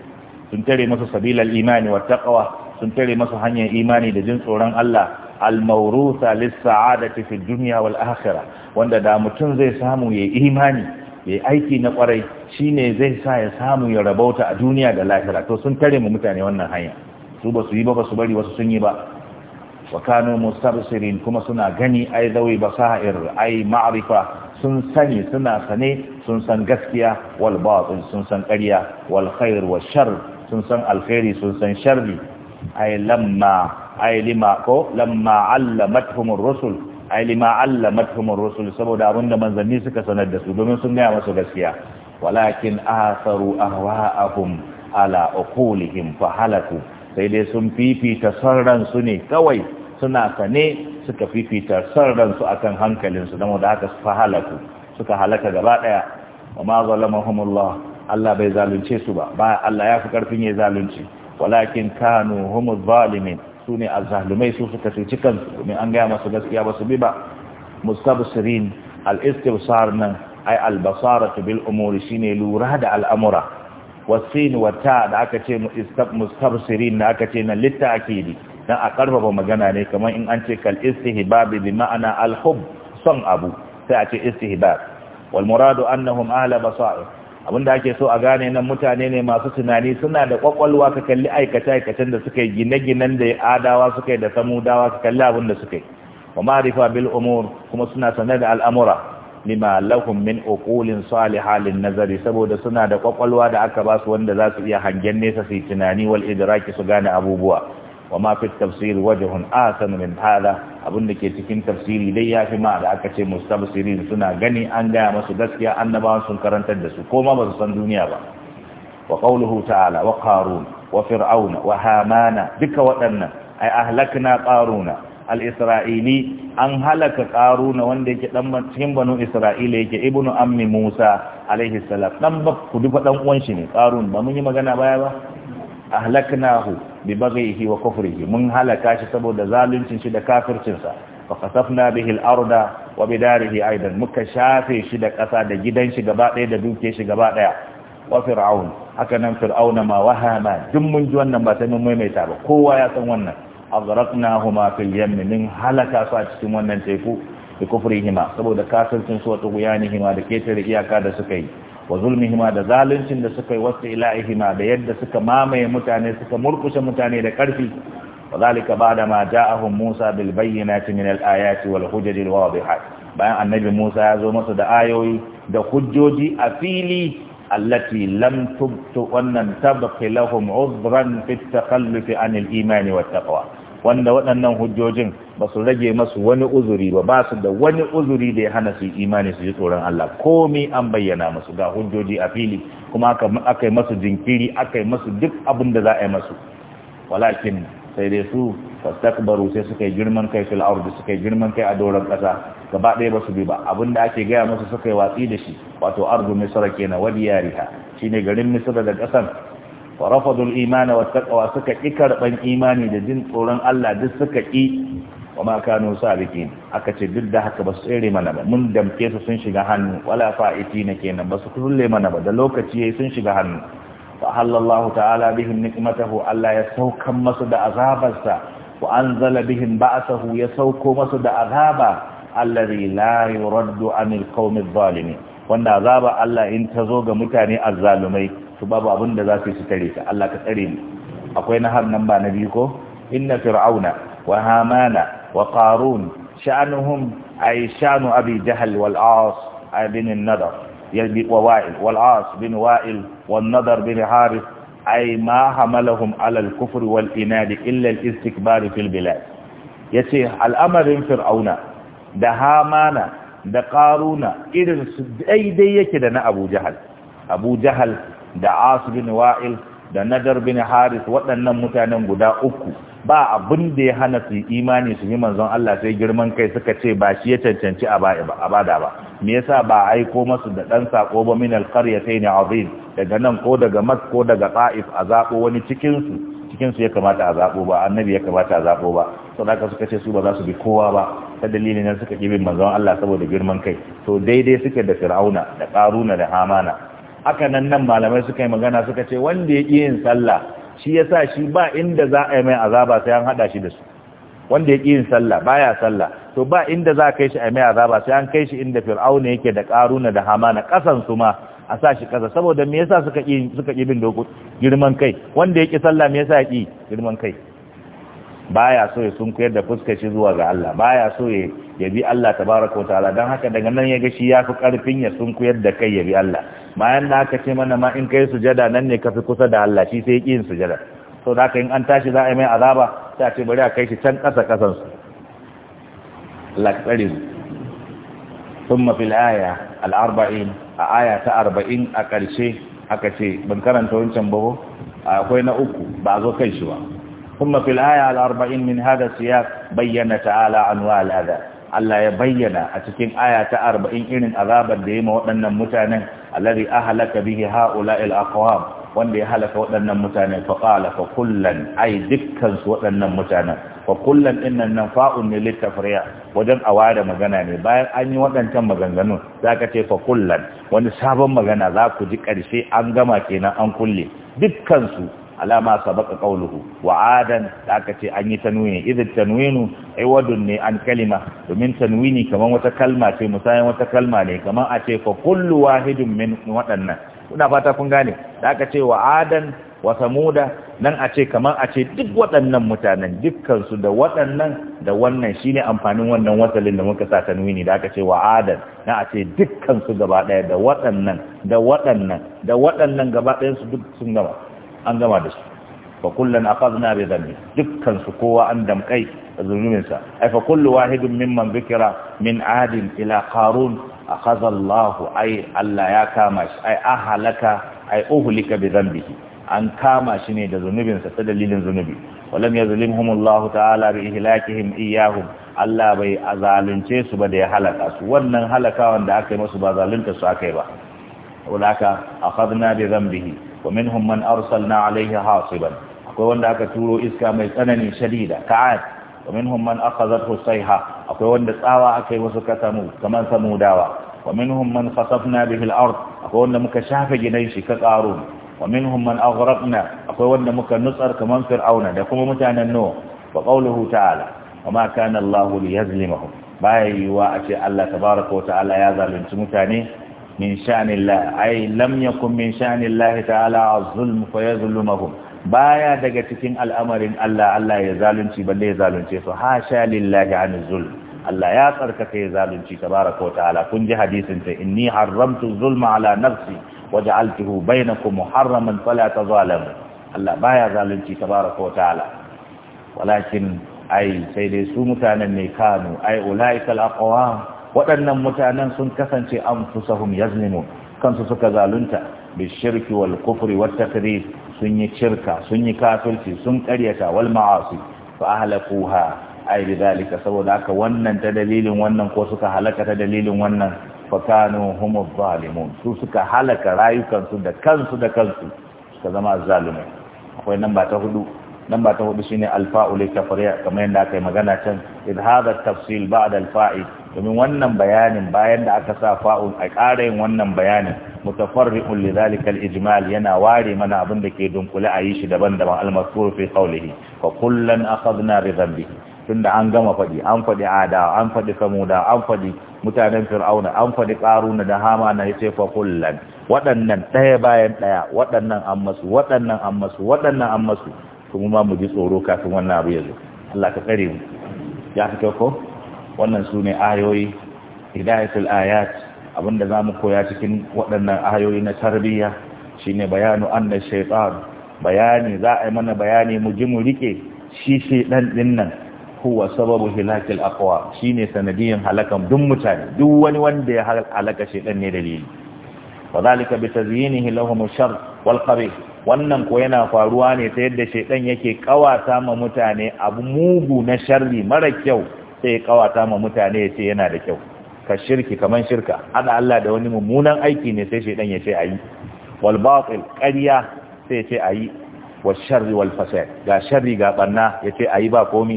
sun tare musu sabilal imani wa taqwa sun tare masa hanyar imani da jin tsoron Allah al-mawrusa lis-sa'adati fi dunya wal akhirah wanda da mutum zai samu yayi imani yayi aiki na kwarai shine zai sa ya samu ya rabauta a duniya da lahira to sun tare mu mutane wannan hanya su ba su yi ba ba su bari wasu sun yi ba wa kanu mustabsirin kuma suna gani ai zawi basair ai ma'rifa sun sani suna sane sun san gaskiya wal batil sun san ƙarya wal khair wal shar sun san alkhairi sun san sharri ay lamma ay lima ko lamma allamathumur rusul ay lima allamathumur rusul saboda abinda manzanni suka sanar da su domin sun gaya masu gaskiya walakin asaru ahwa'ahum ala uqulihim halaku sai dai sun fifita sarran su ne kawai suna sane suka fifita sarran su akan hankalin su damo da haka su halaku suka halaka gaba daya wa ma zalamahumullah Allah bai zalunce su ba ba Allah ya fi karfin ya zalunci walakin kanu humuz zalimin sune azzalumai su suka cuci kansu domin an gaya masu gaskiya ba su bi ba mustabsirin al-istibsar nan ay al-basaratu bil umuri shine lura da al'amura wasin wata da aka ce mustabsirin da aka ce na litta'kidi dan a karfafa magana ne kamar in an ce kal istihbab bi ma'ana al-hub son abu sai a ce istihbab wal muradu annahum ahla basair da ake so a gane nan mutane ne masu tunani suna da kwakwalwa ka kalli aikace-aikacen da suka yi gine-ginen da adawa suka yi da samudawa ka kalli abin da suka yi wa ma'arifa bil umur kuma suna sanar da al'amura lima lahum min uqulin saliha halin nazari saboda suna da kwakwalwa da aka ba su wanda za su iya hangen nesa su tunani wal idraki su gane abubuwa wa ma fi tafsir wajhun asan min hada abin da ke cikin tafsiri dai yafi ma da aka ce mustabsirin suna gani an gaya masu gaskiya annabawan sun karantar da su ko ma san duniya ba wa qawluhu ta'ala wa qarun wa fir'auna wa hamana duka waɗannan ai ahlakna qaruna al-isra'ili an halaka qaruna wanda yake dan cikin banu isra'ila yake ibnu ammi musa alaihi salam ɗan ba ku duka dan uwan shi ne qarun ba mun yi magana baya ba ahlaknahu bi baghihi wa kufrihi mun halaka shi saboda zaluncin shi da kafircin sa fa khasafna bihi al-arda wa bidarihi aidan muka shafe shi da ƙasa da gidan shi gaba ɗaya da duke shi gaba ɗaya wa fir'aun haka nan fir'auna ma wahama duk mun ji wannan ba sai mun maimaita ba kowa ya san wannan aghraqnahuma fil yammi min halaka su a cikin wannan teku bi kufrihima saboda kafircin su wa tughyanihima da ketare iyaka da suka yi wa zulmihima da zaluncin da suka yi wasu ila'ihima da yadda suka mamaye mutane suka murkushe mutane da ƙarfi wa zalika ba da ma ja'ahun musa bil bayyinati min al wal hujaj al wadihat bayan annabi musa ya zo masa da ayoyi da hujjoji a fili allati lam tubtu wannan tabqi lahum udhran fi at-takhalluf an al iman taqwa wanda waɗannan hujjojin ba su rage masu wani uzuri ba ba su da wani uzuri da ya hana su imani su ji tsoron Allah komi an bayyana masu ga hujjoji a fili kuma aka yi masu jinkiri aka yi masu duk abin da za a yi masu walakin sai dai su fastakbaru sai suka yi girman kai fil ardi suka yi girman kai a doron kasa gaba ɗaya ba su bi ba abin da ake gaya masu suka yi watsi da shi wato ardu misra kenan wadiyariha shine garin misra da kasan wa imani imana wa suka ki karɓar imani da jin tsoron Allah duk suka ki wa ma kanu biki. aka ce duk da haka ba su tsere mana ba mun damke su sun shiga hannu wala fa'iti na kenan ba su kulle mana ba da lokaci ya sun shiga hannu fa halallahu ta'ala bihin nikmatahu Allah ya saukan masu da azabarsa wa anzala bihim ba'sahu ya sauko masu da azaba allazi la yuraddu anil qaumi adh wanda azaba Allah in ta zo ga mutane azzalumai su babu abin da za su su tare ta Allah ka tsare ni akwai nahar nan ba na biyu ko inna fir'auna wa hamana wa qarun sha'anuhum ay sha'nu abi jahl wal as ibn an-nadar yalbi wa wa'il wa'il wal bin nadar يلبي ووائل والعاص بن وائل والنضر بن حارث أي ما حملهم على الكفر والإناد إلا الاستكبار في البلاد يسي الأمر فرعون ده هامان ده قارون إذن yake da na abu jahal abu jahal da asu bin wa'il da nadar bin haris waɗannan mutanen guda uku ba abin da ya hana su imani su yi manzon Allah sai girman kai suka ce ba shi ya cancanci a bada ba me yasa ba a aiko masu da dan sako ba min alqaryatayn azim daga nan ko daga Mas ko daga ta'if a zabo wani cikin su ya kamata a zabo ba annabi ya kamata a zabo ba saboda suka ce su ba za su bi kowa ba ta dalilin nan suka kibin manzon Allah saboda girman kai to daidai suke da fir'auna da ƙaruna, da hamana haka nan nan malamai suka yi magana suka ce wanda ya ƙi yin sallah shi ya sa shi ba inda za a yi mai azaba sai an haɗa shi da su wanda ya ƙi yin sallah baya sallah to ba inda za a kai shi a mai azaba sai an kai shi inda fir'auna yake da ƙaruna da hamana ƙasan su ma a sa shi ƙasa saboda me yasa suka ƙi suka ƙi bin doko girman kai wanda ya ƙi sallah me yasa ya ƙi girman kai baya so ya sunkuyar da fuskar shi zuwa ga Allah baya so ya ya bi Allah tabaraka wa ta'ala dan haka daga nan ya ga shi yafi karfin ya sunkuyar da kai ya bi Allah bayan da aka ce mana ma in kai sujada nan ne kafi kusa da Allah shi sai yin sujada so da haka in an tashi za a yi mai azaba sai a ce bari a kai shi can ƙasa ƙasan su Allah ka tsare mu thumma fil aya al 40 a aya ta 40 a ƙarshe aka ce ban karanta wancan ba akwai na uku ba zo kai shi ba ثم في الآية الأربعين من هذا السياق بين تعالى أنواع الأذى Allah ya bayyana a cikin aya ta 40 irin azabar da ya ma waɗannan mutanen alladhi ahlaka bihi ha'ula'il aqwam wanda ya halaka waɗannan mutanen fa qala fa kullan ai dukkan su waɗannan mutanen fa kullan innan nan fa'un ne litafriya wajen aware magana ne bayan an yi waɗancan maganganun zaka ce fa kullan wani sabon magana za ku ji ƙarshe an gama kenan an kulle dukkan su alama sabaka qawluhu wa adan aka ce an yi tanwini idan tanwinu iwadun ne an kalima domin tanwini kaman wata kalma ce musayan wata kalma ne kaman a ce fa kullu wahidun min wadannan kuna fata kun gane da aka ce wa adan wa samuda nan a ce kaman a ce duk waɗannan mutanen dukkan su da waɗannan da wannan shine amfanin wannan wasalin da muka sa tanwini da aka ce wa adan na a ce dukkan su gaba ɗaya da waɗannan da waɗannan da waɗannan gaba ɗayan su duk sun gaba an gama da su fa kullan akhadna bi dhanbi dukkan su kowa an damkai zunubinsa ai fa kullu wahidun mimman bikira min adin ila qarun akhadha Allah Allah ya kama shi ai ahalaka ai uhlika bi dhanbihi an kama shi ne da zunubinsa ta dalilin zunubi walam yazlimhum Allah ta'ala bi ihlakihim iyyahum Allah bai azalunce su ba da ya halaka su wannan halakawan da aka yi musu ba zalunta su aka yi ba ولك أخذنا بذنبه wa minhum man arsalna alaihi hasiban akwai wanda aka turo iska mai tsanani shadida ka wa minhum man akhadhathu sayha akwai wanda tsawa akai wasu kasamu kaman samudawa wa minhum man khasafna bihi al-ard akwai wanda muka shafe gidan shi ka tsaro wa minhum man aghraqna akwai wanda muka nutsa kamar fir'auna da kuma mutanen nuh wa qawluhu ta'ala wa ma kana Allah liyazlimahum baya yiwuwa a ce Allah tabaraka wa ta'ala ya zalunci mutane min shanillah ai lam yakun min shanillahi ta'ala az-zulm fa yazlumuhum baya daga cikin al'amarin Allah Allah ya zalunci balle ya zalunce su ha sha lillahi an zulm Allah ya tsarkaka ya zalunci tabaraka ta'ala kun ji hadisin ta inni haramtu zulma ala nafsi wa ja'altuhu bainakum muharraman fala tazalamu Allah baya zalunci tabaraka ta'ala walakin ai sai dai su mutanen ne kanu ai ulaikal aqwam waɗannan mutanen sun kasance an fusahum yazlimu kansu suka zalunta bi shirki wal kufri wat sun yi cirka sun yi kafirci sun ƙaryata wal ma'asi fa ahlakuha ay bi zalika saboda haka wannan ta dalilin wannan ko suka halaka ta dalilin wannan fa kanu humuz zalimun su suka halaka rayukansu da kansu da kansu suka zama zalimai akwai nan ba ta hudu nan ba ta hudu shine alfa'u kamar yadda aka yi magana can idh hadha at-tafsil ba'da alfa'i. domin wannan bayanin bayan da aka sa fa'un a ƙara yin wannan bayanin mutafarri'un li zalika yana ware mana abin da ke dunkule a yi shi daban-daban al-mazkur fi qawlihi fa kullan akhadna bi dhanbihi tunda an gama faɗi, an faɗi ada an fadi samuda an faɗi mutanen fir'auna an fadi ƙaruna da hama na yace fa kullan waɗannan ɗaya bayan ɗaya waɗannan an masu waɗannan an masu waɗannan an masu kuma ma mu ji tsoro kafin wannan abu ya zo Allah ka tsare mu ya kyau ko wannan su ne ayoyi hidayatul ayat abinda za mu koya cikin waɗannan ayoyi na tarbiyya shine bayanu anna shaytan bayani za a yi mana bayani mu ji mu rike shi shaydan din nan huwa sababu hilakil aqwa shine sanadiyan halakan duk mutane duk wani wanda ya halaka shaydan ne dalili wadhalika bi tazyinihi lahum shar wal qabih wannan ko yana faruwa ne ta yadda shaydan yake kawata ma mutane abu mugu na sharri mara kyau sai ya kawata ma mutane ya ce yana da kyau ka shirki kaman shirka ana Allah da wani mummunan aiki ne sai shaidan ya ce ayi wal batil ƙarya sai ya ce ayi wa sharri wal fasad ga sharri ga banna ya ce ayi ba komi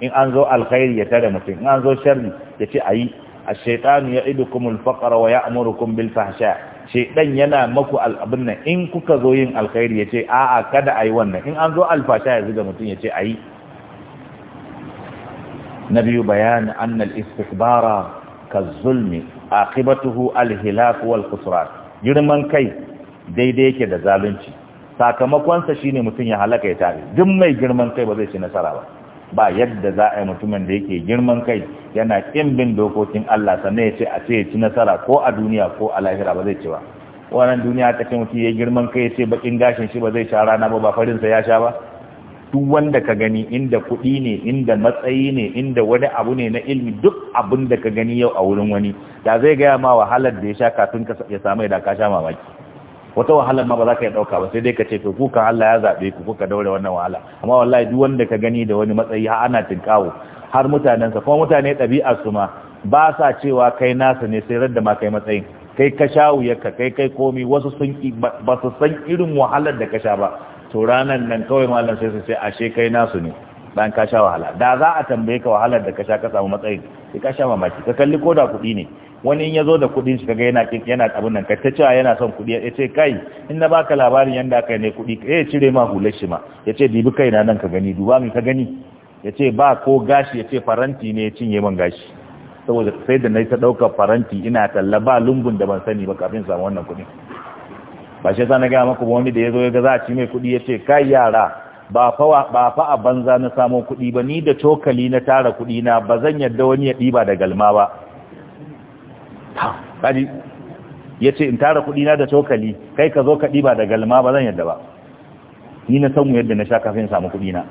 in an zo alkhairi ya tare mutum in an zo sharri ya ce ayi ash-shaytanu ya'idukumul faqra wa ya'murukum bil fahsha shaidan yana maku abin nan in kuka zo yin alkhairi ya ce a'a kada ayi wannan in an zo alfasha ya zuga mutum ya ce ayi Na biyu نبي بيان أن الاستكبار كالظلم al الهلاك والخسران girman kai daidai yake da zalunci sakamakonsa shi ne mutum ya halaka ya tare duk mai girman kai ba zai ci nasara ba ba yadda za a yi mutumin da yake girman kai yana kin bin dokokin Allah sannan ya ce a ce ya ci nasara ko a duniya ko a lahira ba zai ci ba wannan duniya ta ce mutum ya girman kai ya ce bakin gashin shi ba zai sha rana ba ba farinsa ya sha ba duk wanda ka gani inda kuɗi ne inda matsayi ne inda wani abu ne na ilmi duk abin da ka gani yau a wurin wani da zai gaya ma wahalar da ya sha kafin ya samu da ka sha mamaki wata wahalar ma ba za ka yi ɗauka ba sai dai ka ce to kuka Allah ya zaɓe ku kuka daure wannan wahala amma wallahi duk wanda ka gani da wani matsayi har ana tinkawo har mutanen sa kuma mutane ɗabi'ar su ma ba sa cewa kai nasa ne sai radda ma kai matsayin kai ka sha ka kai kai komi wasu sun ba su san irin wahalar da ka sha ba to ranan nan kawai malam sai su ce ashe kai nasu ne bayan ka sha wahala da za a tambaye ka wahalar da ka sha ka samu matsayin sai ka sha mamaki ka kalli ko da kuɗi ne wani in ya zo da kuɗin shi kaga yana yana abin nan ka ta yana son kuɗi ya ce kai in na baka labarin yanda aka ne kuɗi eh cire ma hular shi ma yace ce dibi kai na nan ka gani duba mi ka gani yace ba ko gashi yace faranti ne ya cinye man gashi saboda sai da na ta ɗaukar faranti ina talla ba lungun da ban sani ba kafin samu wannan kuɗin ba shi yasa na gaya maku wani da ya zo ya ga za a ci mai kuɗi ya ce kai yara ba fa a banza na samo kuɗi ba ni da cokali na tara kuɗi na ba zan yadda wani ya ɗiba da galma ba ya ce in tara kuɗi na da cokali kai ka zo ka ɗiba da galma ba zan yadda ba ni na san yadda na sha kafin samu kuɗi na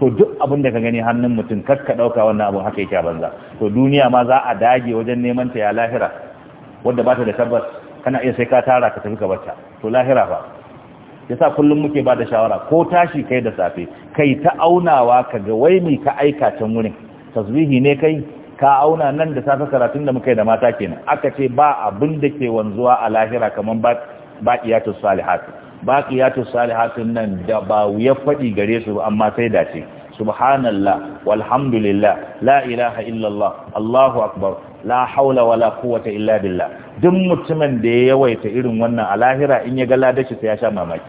to duk abin da ka gani hannun mutum kar ka ɗauka wannan abin haka yake a banza to duniya ma za a dage wajen neman ta ya lahira wadda bata da tabbas kana iya sai ka tara ka tafi ka bacca to lahira fa yasa kullum muke ba da shawara ko tashi kai da safe kai ta aunawa ka ga wai me ka aika can wurin tasbihi ne kai ka auna nan da safe karatun da muka yi da mata kenan aka ce ba abin da ke wanzuwa a lahira kamar baqiyatus salihat baqiyatus salihatun nan da ba wuya fadi gare su amma sai dace subhanallah walhamdulillah la ilaha illallah allahu akbar la haula wala quwwata illa billah duk mutumin da ya yawaita irin wannan a lahira in ya ga ladashi sai ya sha mamaki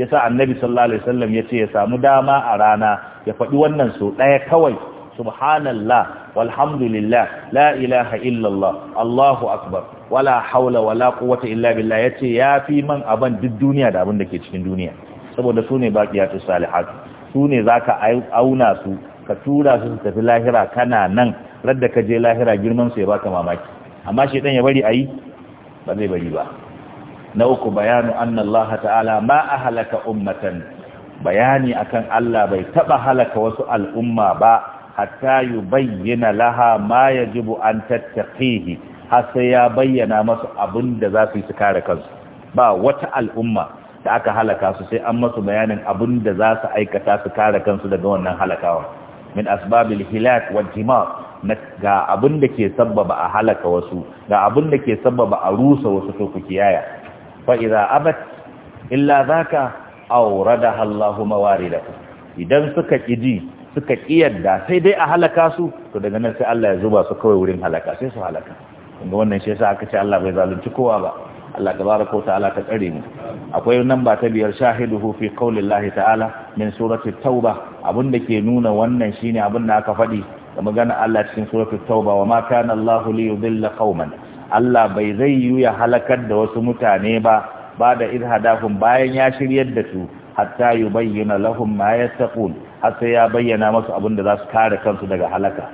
yasa annabi sallallahu alaihi wasallam yace ya samu dama a rana ya faɗi wannan so ɗaya kawai subhanallah walhamdulillah la ilaha illallah allahu akbar wala haula wala quwwata illa billah yace ya fi man aban duk duniya da abin da ke cikin duniya saboda su ne baqiyatus salihat su ne zaka auna su ka tura su su tafi lahira kana nan radda ka je lahira girman su ya baka mamaki amma shaitan ya bari ayi ba zai bari ba na uku bayanu anna ta'ala ma ahlaka ummatan bayani akan Allah bai taba halaka wasu al'umma ba hatta yubayyana laha ma yajibu an tattaqihi har sai ya bayyana masu abin da za su yi su kare kansu ba wata al'umma da aka halaka su sai an masu bayanin abin da za su aikata su kare kansu daga wannan halakawa min asbabil hilak wal ga abin da ke sabbaba a halaka wasu ga abin da ke sabbaba a rusa wasu to ku kiyaya fa abat illa zaka awradaha Allahu mawaridahu idan suka kiji suka kiyarda sai dai a halaka su to daga nan sai Allah ya zuba su kawai wurin halaka sai su halaka kuma wannan shi sa aka ce Allah bai zalunci kowa ba Allah tabaraka wa ta'ala ta tsare mu akwai ba ta biyar shahiduhu fi qaulillahi ta'ala min surati tauba abinda ke nuna wannan shine abin da aka faɗi da magana Allah cikin suratul tauba wa ma kana Allahu li yudilla qauman Allah bai zai yi ya halakar da wasu mutane ba ba da irhadahum bayan ya shiryar da su hatta yubayyana lahum ma yattaqun har sai ya bayyana masu abin da za su kare kansu daga halaka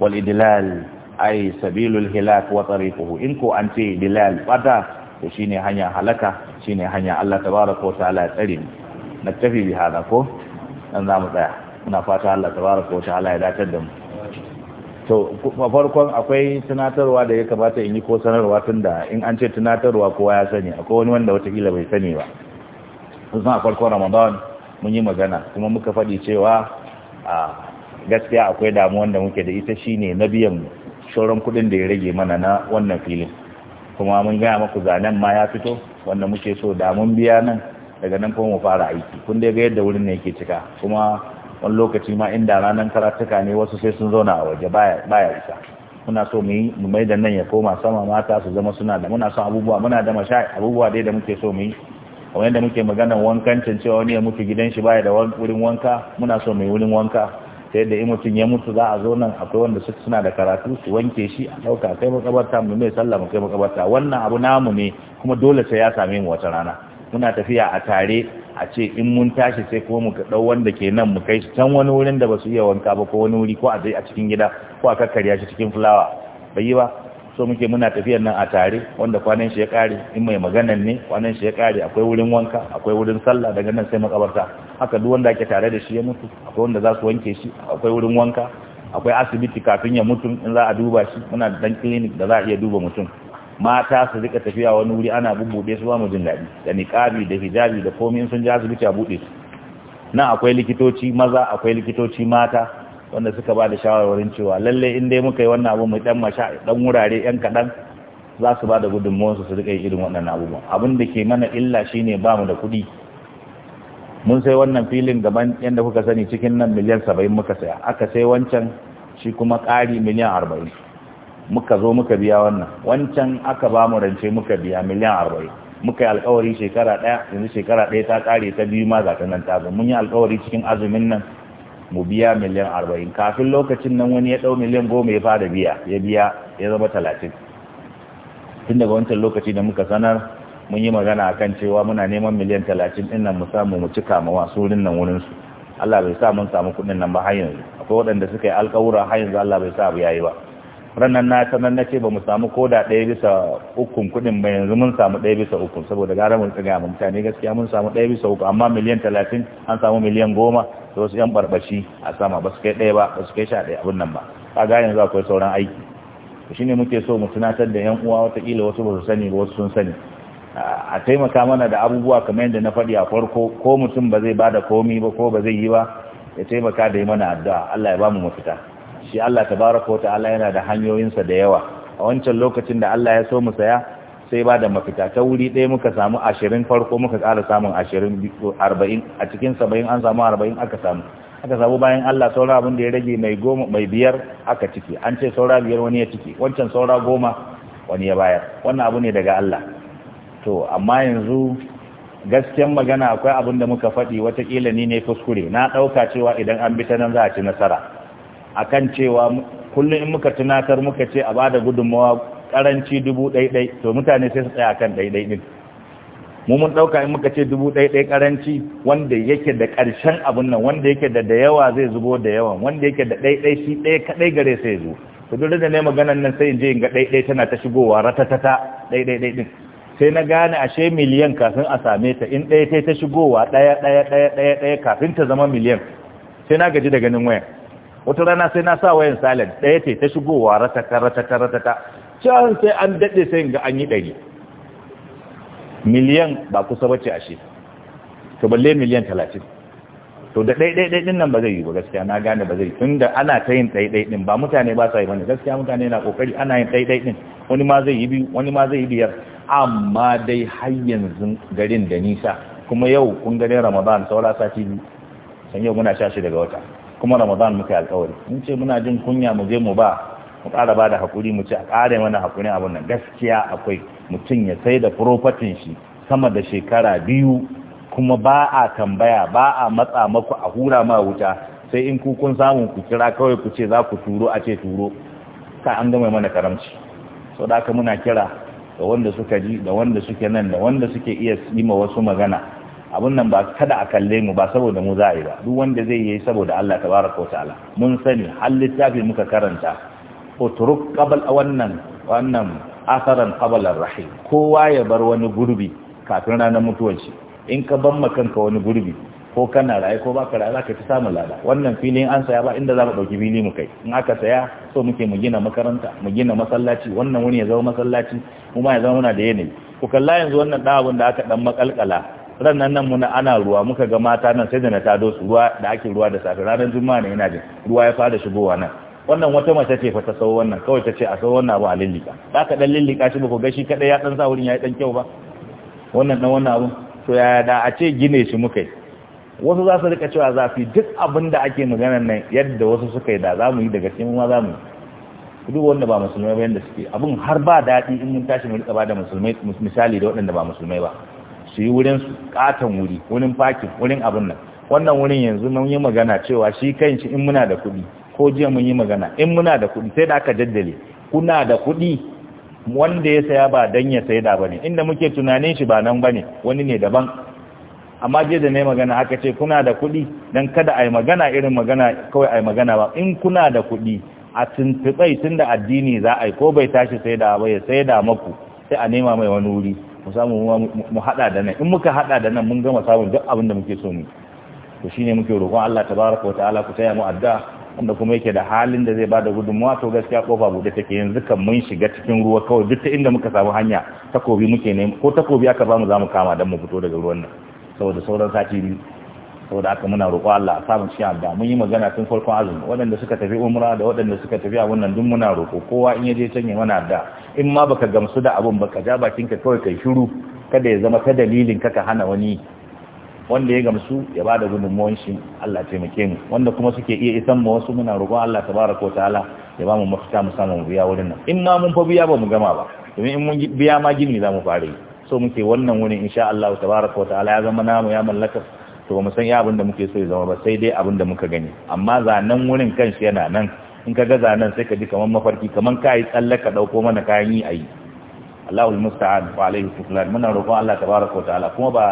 wal idlal ay sabilul hilak wa tariquhu in ko an ce idlal fata to shine hanya halaka shine hanya Allah tabaraka wa ta'ala ya tsare na tafi bi hada ko dan zamu tsaya muna fata Allah tabaraka wa ta'ala ya datar da mu to farkon akwai tunatarwa da ya kamata in yi ko sanarwa tun da in an ce tunatarwa kowa ya sani akwai wani wanda watakila bai sani ba kusan a farkon ramadan mun yi magana kuma muka faɗi cewa a gaskiya akwai damuwan da muke da ita shine na biyan shoron kuɗin da ya rage mana na wannan filin kuma mun gaya maku zanen ma ya fito wanda muke so da mun biya nan daga nan kuma mu fara aiki kun dai ga yadda wurin ne yake cika kuma wani lokaci ma inda ranar karatuka ne wasu sai sun zauna a waje baya isa muna so mu yi mai da nan ya koma sama mata su zama suna da muna son abubuwa muna da masha abubuwa dai da muke so mu yi kamar yadda muke magana wankancin cewa wani ya mutu gidan shi baya da wurin wanka muna so mu yi wurin wanka ta yadda in mutum ya mutu za a zo nan akwai wanda suna da karatu su wanke shi a ɗauka kai makabarta mu mai sallah mu kai makabarta wannan abu namu ne kuma dole sai ya same mu wata rana muna tafiya a tare a ce in mun tashi sai kuma mu dau wanda ke nan mu kai shi can wani wurin da ba su iya wanka ba ko wani wuri ko a zai a cikin gida ko a kakkarya shi cikin fulawa bai yi ba so muke muna tafiyar nan a tare wanda kwanan shi ya kare in mai maganan ne kwanan shi ya kare akwai wurin wanka akwai wurin sallah daga nan sai makabarta haka duk wanda ake tare da shi ya mutu akwai wanda za su wanke shi akwai wurin wanka akwai asibiti kafin ya mutu in za a duba shi muna da dan clinic da za a iya duba mutum mata su rika tafiya wani wuri ana bubbuɗe su ba mu jin daɗi da niqabi da hijabi da komi sun ji asibiti a buɗe su nan akwai likitoci maza akwai likitoci mata wanda suka ba da shawarwarin cewa lalle in dai muka yi wannan abu mu dan masha dan wurare yan kaɗan za su ba da gudunmuwan su su rika irin wannan abubuwan abin da ke mana illa shine ba mu da kuɗi mun sai wannan filin gaban yanda kuka sani cikin nan miliyan saba'in muka saya aka sai wancan shi kuma ƙari miliyan arba'in muka zo muka biya wannan wancan aka ba mu rance muka biya miliyan arba'in muka yi alkawari shekara ɗaya yanzu shekara ɗaya ta ƙare ta biyu ma ga nan ta mun yi alkawari cikin azumin nan mu biya miliyan arba'in kafin lokacin nan wani ya ɗau miliyan goma ya fara biya ya biya ya zama talatin tun daga wancan lokaci da muka sanar mun yi magana akan cewa muna neman miliyan talatin ɗin nan mu samu mu cika ma wasu nan wurin su Allah bai sa mun samu kuɗin nan ba har yanzu akwai waɗanda suka yi alƙawura har yanzu Allah bai sa abu yayi ba ranar na sanar na ce ba mu samu koda ɗaya bisa ukun kuɗin ba yanzu mun samu ɗaya bisa ukun saboda gara mun tsiga ma mutane gaskiya mun samu ɗaya bisa uku amma miliyan talatin an samu miliyan goma da wasu yan barbashi a sama ba su kai ɗaya ba ba su kai sha ɗaya abin nan ba ga yanzu akwai sauran aiki shi ne muke so mu tunatar da yan uwa wataƙila wasu ba su sani ba wasu sun sani a taimaka mana da abubuwa kamar yadda na faɗi a farko ko mutum ba zai ba da komi ba ko ba zai yi ba ya taimaka da yi mana addu'a Allah ya ba mu mafita shi Allah tabaraka ta'ala yana da hanyoyinsa da yawa a wancan lokacin da Allah ya so mu saya sai ba da mafita ta wuri ɗaya muka samu ashirin farko muka ƙara samun ashirin arba'in a cikin saba'in an samu arba'in aka samu aka samu bayan Allah saura abin da ya rage mai goma mai biyar aka ciki an ce saura biyar wani ya ciki wancan saura goma wani ya bayar wannan abu ne daga Allah to amma yanzu gasken magana akwai abin da muka faɗi watakila ni ne kuskure na ɗauka cewa idan an bi ta nan za a ci nasara akan cewa kullum in muka tunatar muka ce a bada gudunmawa karanci dubu ɗaiɗai to mutane sai su tsaya akan ɗaiɗai ɗin mu mun ɗauka in muka ce dubu ɗaiɗai karanci wanda yake da ƙarshen abun nan wanda yake da da yawa zai zubo da yawan wanda yake da ɗaiɗai shi ɗaya kaɗai gare sai zo to duk da ne maganan nan sai in je in ga ɗaiɗai tana ta shigowa ratatata ɗaiɗai ɗin sai na gane ashe miliyan kafin a same ta in ɗaya ta shigowa ɗaya ɗaya ɗaya ɗaya kafin ta zama miliyan sai na gaji da ganin wayan wata rana sai na sa wayan silent ɗaya ce ta shigowa rataka rataka rataka can sai an daɗe sai ga an yi ɗari miliyan ba kusa a shi, to balle miliyan talatin to da ɗaiɗaiɗin nan ba zai yi ba gaskiya na gane ba zai yi ana ta yin ɗaiɗaiɗin ba mutane ba sa yi wani gaskiya mutane na ƙoƙari ana yin ɗaiɗaiɗin wani ma zai yi biyu wani ma zai yi biyar amma dai har yanzu garin da nisa kuma yau kun garin ramadan saura sati biyu san yau muna sha shi daga wata kuma ramadan muka yi alkawari mun ce muna jin kunya mu je mu ba mu ƙara ba da haƙuri mu ce a kare mana haƙuri abin nan gaskiya akwai mutum ya sai da furofatin shi sama da shekara biyu kuma ba a tambaya ba a matsa maku a hura ma wuta sai in ku kun samu ku kira kawai ku ce za ku turo a ce turo ka an gama mana karamci sau da aka muna kira da wanda suka ji da wanda suke nan da wanda suke iya yi ma wasu magana abun nan ba kada a kalle mu ba saboda mu za a yi ba duk wanda zai yi saboda Allah tabaraka wa ta'ala mun sani hal littafi muka karanta utruk qabl wannan wannan asaran qabl ar kowa ya bar wani gurbi kafin ranar mutuwar shi in ka ban kanka wani gurbi ko kana raye ko baka raye zaka fi samun lada wannan filin an saya ba inda za mu dauki fili mu kai in aka saya so muke mu gina makaranta mu gina masallaci wannan wani ya zama masallaci kuma ya zama muna da yanayi ku kalla yanzu wannan dan da aka dan makalkala rannan nan muna ana ruwa muka ga mata nan sai da na tado su ruwa da ake ruwa da safe ranar juma'a ne yana jin ruwa ya fara shigowa nan wannan wata mace ce fa ta sau wannan kawai ta ce a sau wannan abu a lillika za ka dan lillika shi ba ku gashi kadai ya dan sa wurin ya yi dan kyau ba wannan dan wannan abu to ya da a ce gine shi muka yi wasu za su rika cewa zafi duk abin da ake maganar nan yadda wasu suka yi da za mu yi daga cikin ma za mu yi duk wanda ba musulmai ba yadda suke abin har ba daɗi in mun tashi mu rika ba da musulmai misali da waɗanda ba musulmai ba su yi wurin su katon wuri wurin fakin wurin abin nan wannan wurin yanzu mun yi magana cewa shi shi in muna da kuɗi ko jiya mun yi magana in muna da kuɗi sai da aka jaddale kuna da kuɗi wanda ya saya ba dan ya saida bane inda muke tunanin shi ba nan bane wani ne daban amma je da nayi magana aka ce kuna da kuɗi dan kada ai magana irin magana kawai ai magana ba in kuna da kuɗi a tuntubai tunda addini za a yi ko bai tashi saida ba ya saida maku sai a nema mai wani wuri mu samu mu hada da nan in muka hada da nan mun gama samun duk abin da muke so mu to shine muke roƙon Allah tabaraka wa ta'ala ku taya mu adda wanda kuma yake da halin da zai bada gudunmuwa to gaskiya kofa bude take yanzu kan mun shiga cikin ruwa kawai duk ta inda muka samu hanya takobi muke ne ko takobi aka bamu zamu kama dan mu fito daga ruwan nan saboda sauran sati biyu saboda haka muna roƙo Allah samun shi da mun yi magana tun farkon azumi waɗanda suka tafi umra da waɗanda suka tafi a wannan duk muna roƙo kowa in ya je can ya mana da in ma baka gamsu da abun baka ja bakin ka kawai kai shiru kada ya zama ta dalilin ka ka hana wani wanda ya gamsu ya bada gudunmuwan shi Allah taimake mu wanda kuma suke iya isan mu wasu muna roƙo Allah tabaraka ta'ala ya ba mu mafita mu samu mu biya wurin nan in ma mun fa biya ba mu gama ba domin in mun biya ma gini za mu fara so muke wannan wurin insha Allah tabaraka ta'ala ya zama namu ya mallaka to mu san ya abin da muke so ya zama ba sai dai abin da muka gani amma zanen wurin kan shi yana nan in ka ga zanen sai ka ji kamar mafarki kamar ka yi tsalle ka ɗauko mana kayan yi a yi Allahul musta'an wa alaihi tuflan muna roƙon Allah tabaraka wa ta'ala kuma ba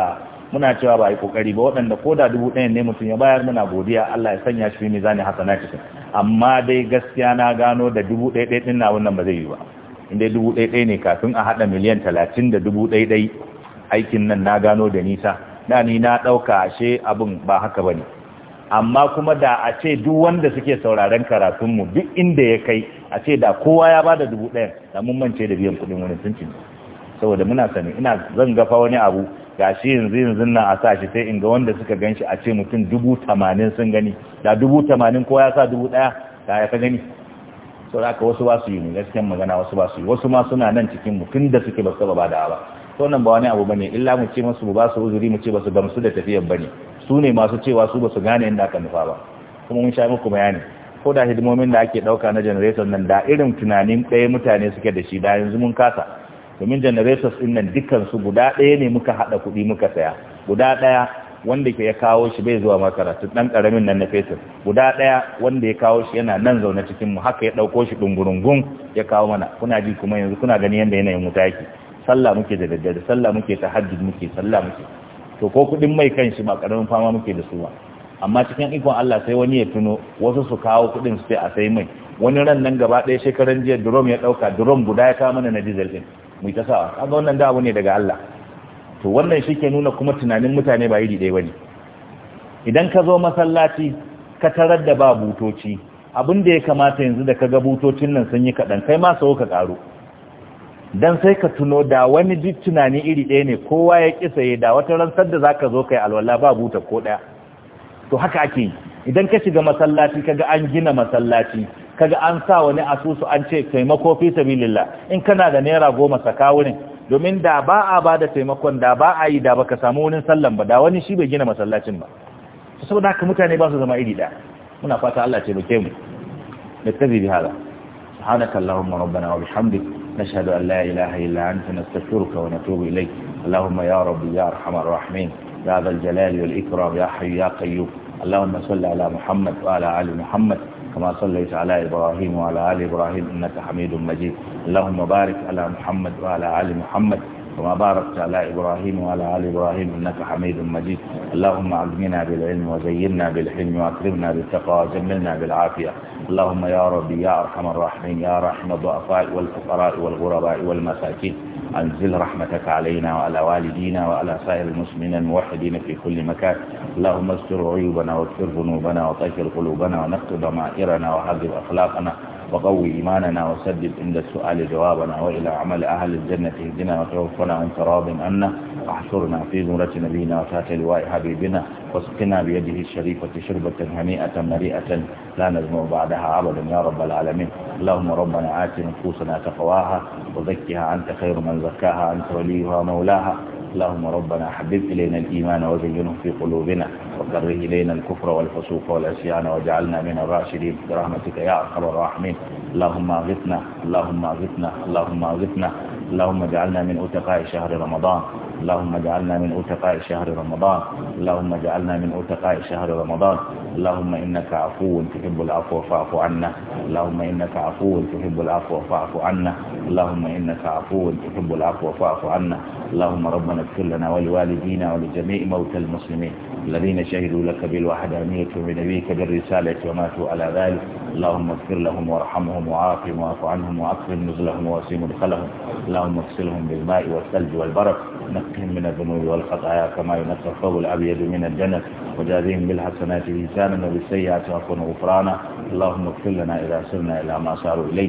muna cewa ba a yi kokari ba waɗanda ko da dubu ɗayan ne mutum ya bayar muna godiya Allah ya sanya shi zani hasana cikin amma dai gaskiya na gano da dubu ɗaya ɗaya na wannan ba zai yi ba in dai dubu ɗaya ɗaya ne kafin a haɗa miliyan talatin da dubu ɗaya aikin nan na gano da nisa ɗani ni na ɗauka ashe abin ba haka ba ne amma kuma da a ce duk wanda suke sauraren karatunmu duk inda ya kai a ce da kowa ya ba da dubu ɗaya da mun mance da biyan kuɗin wani sun saboda muna sani ina zan gafa wani abu ga shi yanzu yanzu nan a sa shi sai in ga wanda suka gan shi a ce mutum dubu tamanin sun gani da dubu tamanin kowa ya sa dubu ɗaya da ya ka gani saboda haka wasu ba su yi ne gaskiyan magana wasu ba su yi wasu ma suna nan cikin mutum da suke ba su ba da ba wannan ba wani abu bane illa mu ce musu ba su uzuri mu ce ba su gamsu da tafiyar bane su ne masu cewa su ba su gane inda aka nufa ba kuma mun sha muku bayani ko da hidimomin da ake dauka na generator nan da irin tunanin ɗaya mutane suke da shi da yanzu mun kasa domin generators din nan dukkan su guda ɗaya ne muka hada kuɗi muka saya guda ɗaya wanda ke ya kawo shi bai zuwa makaratu dan karamin nan na fetur guda ɗaya wanda ya kawo shi yana nan zaune cikin mu haka ya dauko shi dungurungun ya kawo mana kuna ji kuma yanzu kuna gani yanda yanayin wuta sallah muke da daddare sallah muke tahajjud muke sallah muke to ko kudin mai kanshi ba karamin fama muke da su ba amma cikin ikon Allah sai wani ya tuno wasu su kawo kudin su sai a sai mai wani ran nan gaba ɗaya shekaran jiya drum ya ɗauka drum guda ya kawo mana na diesel din mu ta sawa kaga wannan da abu ne daga Allah to wannan shi ke nuna kuma tunanin mutane ba iri ɗaya bane idan ka zo masallaci ka tarar da ba butoci abin da ya kamata yanzu da ka ga butocin nan sun yi kaɗan kai ma sau ka ƙaro dan sai ka tuno da wani duk tunani iri ɗaya ne kowa ya kisa ya da wata ransar da za ka zo kai alwala ba buta ko ɗaya to haka ake yi idan ka shiga masallaci kaga an gina masallaci kaga an sa wani asusu an ce taimako fi sabilillah in kana da naira goma saka wurin domin da ba a ba da taimakon da ba a yi da baka samu wurin sallan ba da wani shi bai gina masallacin ba to saboda haka mutane ba su zama iri ɗaya muna fata Allah ce bake mu da bi hada subhanakallahumma rabbana wa bihamdika نشهد أن لا إله إلا أنت نستغفرك ونتوب إليك اللهم يا رب يا أرحم الراحمين يا ذا الجلال والإكرام يا حي يا قيوم اللهم صل على محمد وعلى آل محمد كما صليت على إبراهيم وعلى آل إبراهيم إنك حميد مجيد اللهم بارك على محمد وعلى آل محمد كما باركت على إبراهيم وعلى آل إبراهيم إنك حميد مجيد اللهم علمنا بالعلم وزينا بالحلم وأكرمنا بالتقوى وجملنا بالعافية اللهم يا ربي يا أرحم الراحمين يا رحم الضعفاء والفقراء والغرباء والمساكين أنزل رحمتك علينا وعلى والدينا وعلى سائر المسلمين الموحدين في كل مكان اللهم استر عيوبنا واغفر ذنوبنا وطهر قلوبنا ونقض ضمائرنا وحذر أخلاقنا وقوي إيماننا وسدد عند السؤال جوابنا وإلى عمل أهل الجنة اهدنا وتوفنا عن تراب عنا واحشرنا في زمرة نبينا وفات لواء حبيبنا واسقنا بيده الشريفة شربة هنيئة مريئة لا نزمع بعدها عبدا يا رب العالمين اللهم ربنا آت نفوسنا تقواها وزكها أنت خير من زكاها أنت وليها ومولاها اللهم ربنا حبب إلينا الإيمان وزينه في قلوبنا وكره إلينا الكفر والفسوق والعصيان وجعلنا من الراشدين برحمتك يا أرحم الراحمين اللهم أغثنا اللهم أغثنا اللهم أغثنا اللهم اجعلنا من أتقاء شهر رمضان اللهم اجعلنا من أتقاء شهر رمضان اللهم اجعلنا من أتقاء شهر رمضان اللهم إنك عفو تحب العفو فاعف عنا اللهم إنك عفو تحب العفو فاعف عنا اللهم إنك عفو تحب العفو فاعف عنا اللهم ربنا اغفر لنا ولوالدينا ولجميع موتى المسلمين الذين شهدوا لك بالوحدانية وبنبيك بالرسالة وماتوا على ذلك اللهم اغفر لهم وارحمهم وعافهم واعف عنهم واكرم نزلهم ووسع دخلهم اللهم اغسلهم بالماء والثلج والبرد نقهم من الذنوب والخطايا كما ينقى الثوب الابيض من الجنة وجازهم بالحسنات إنسانا وبالسيئات عفوا وغفرانا اللهم اغفر لنا إذا سرنا إلى ما صاروا إليه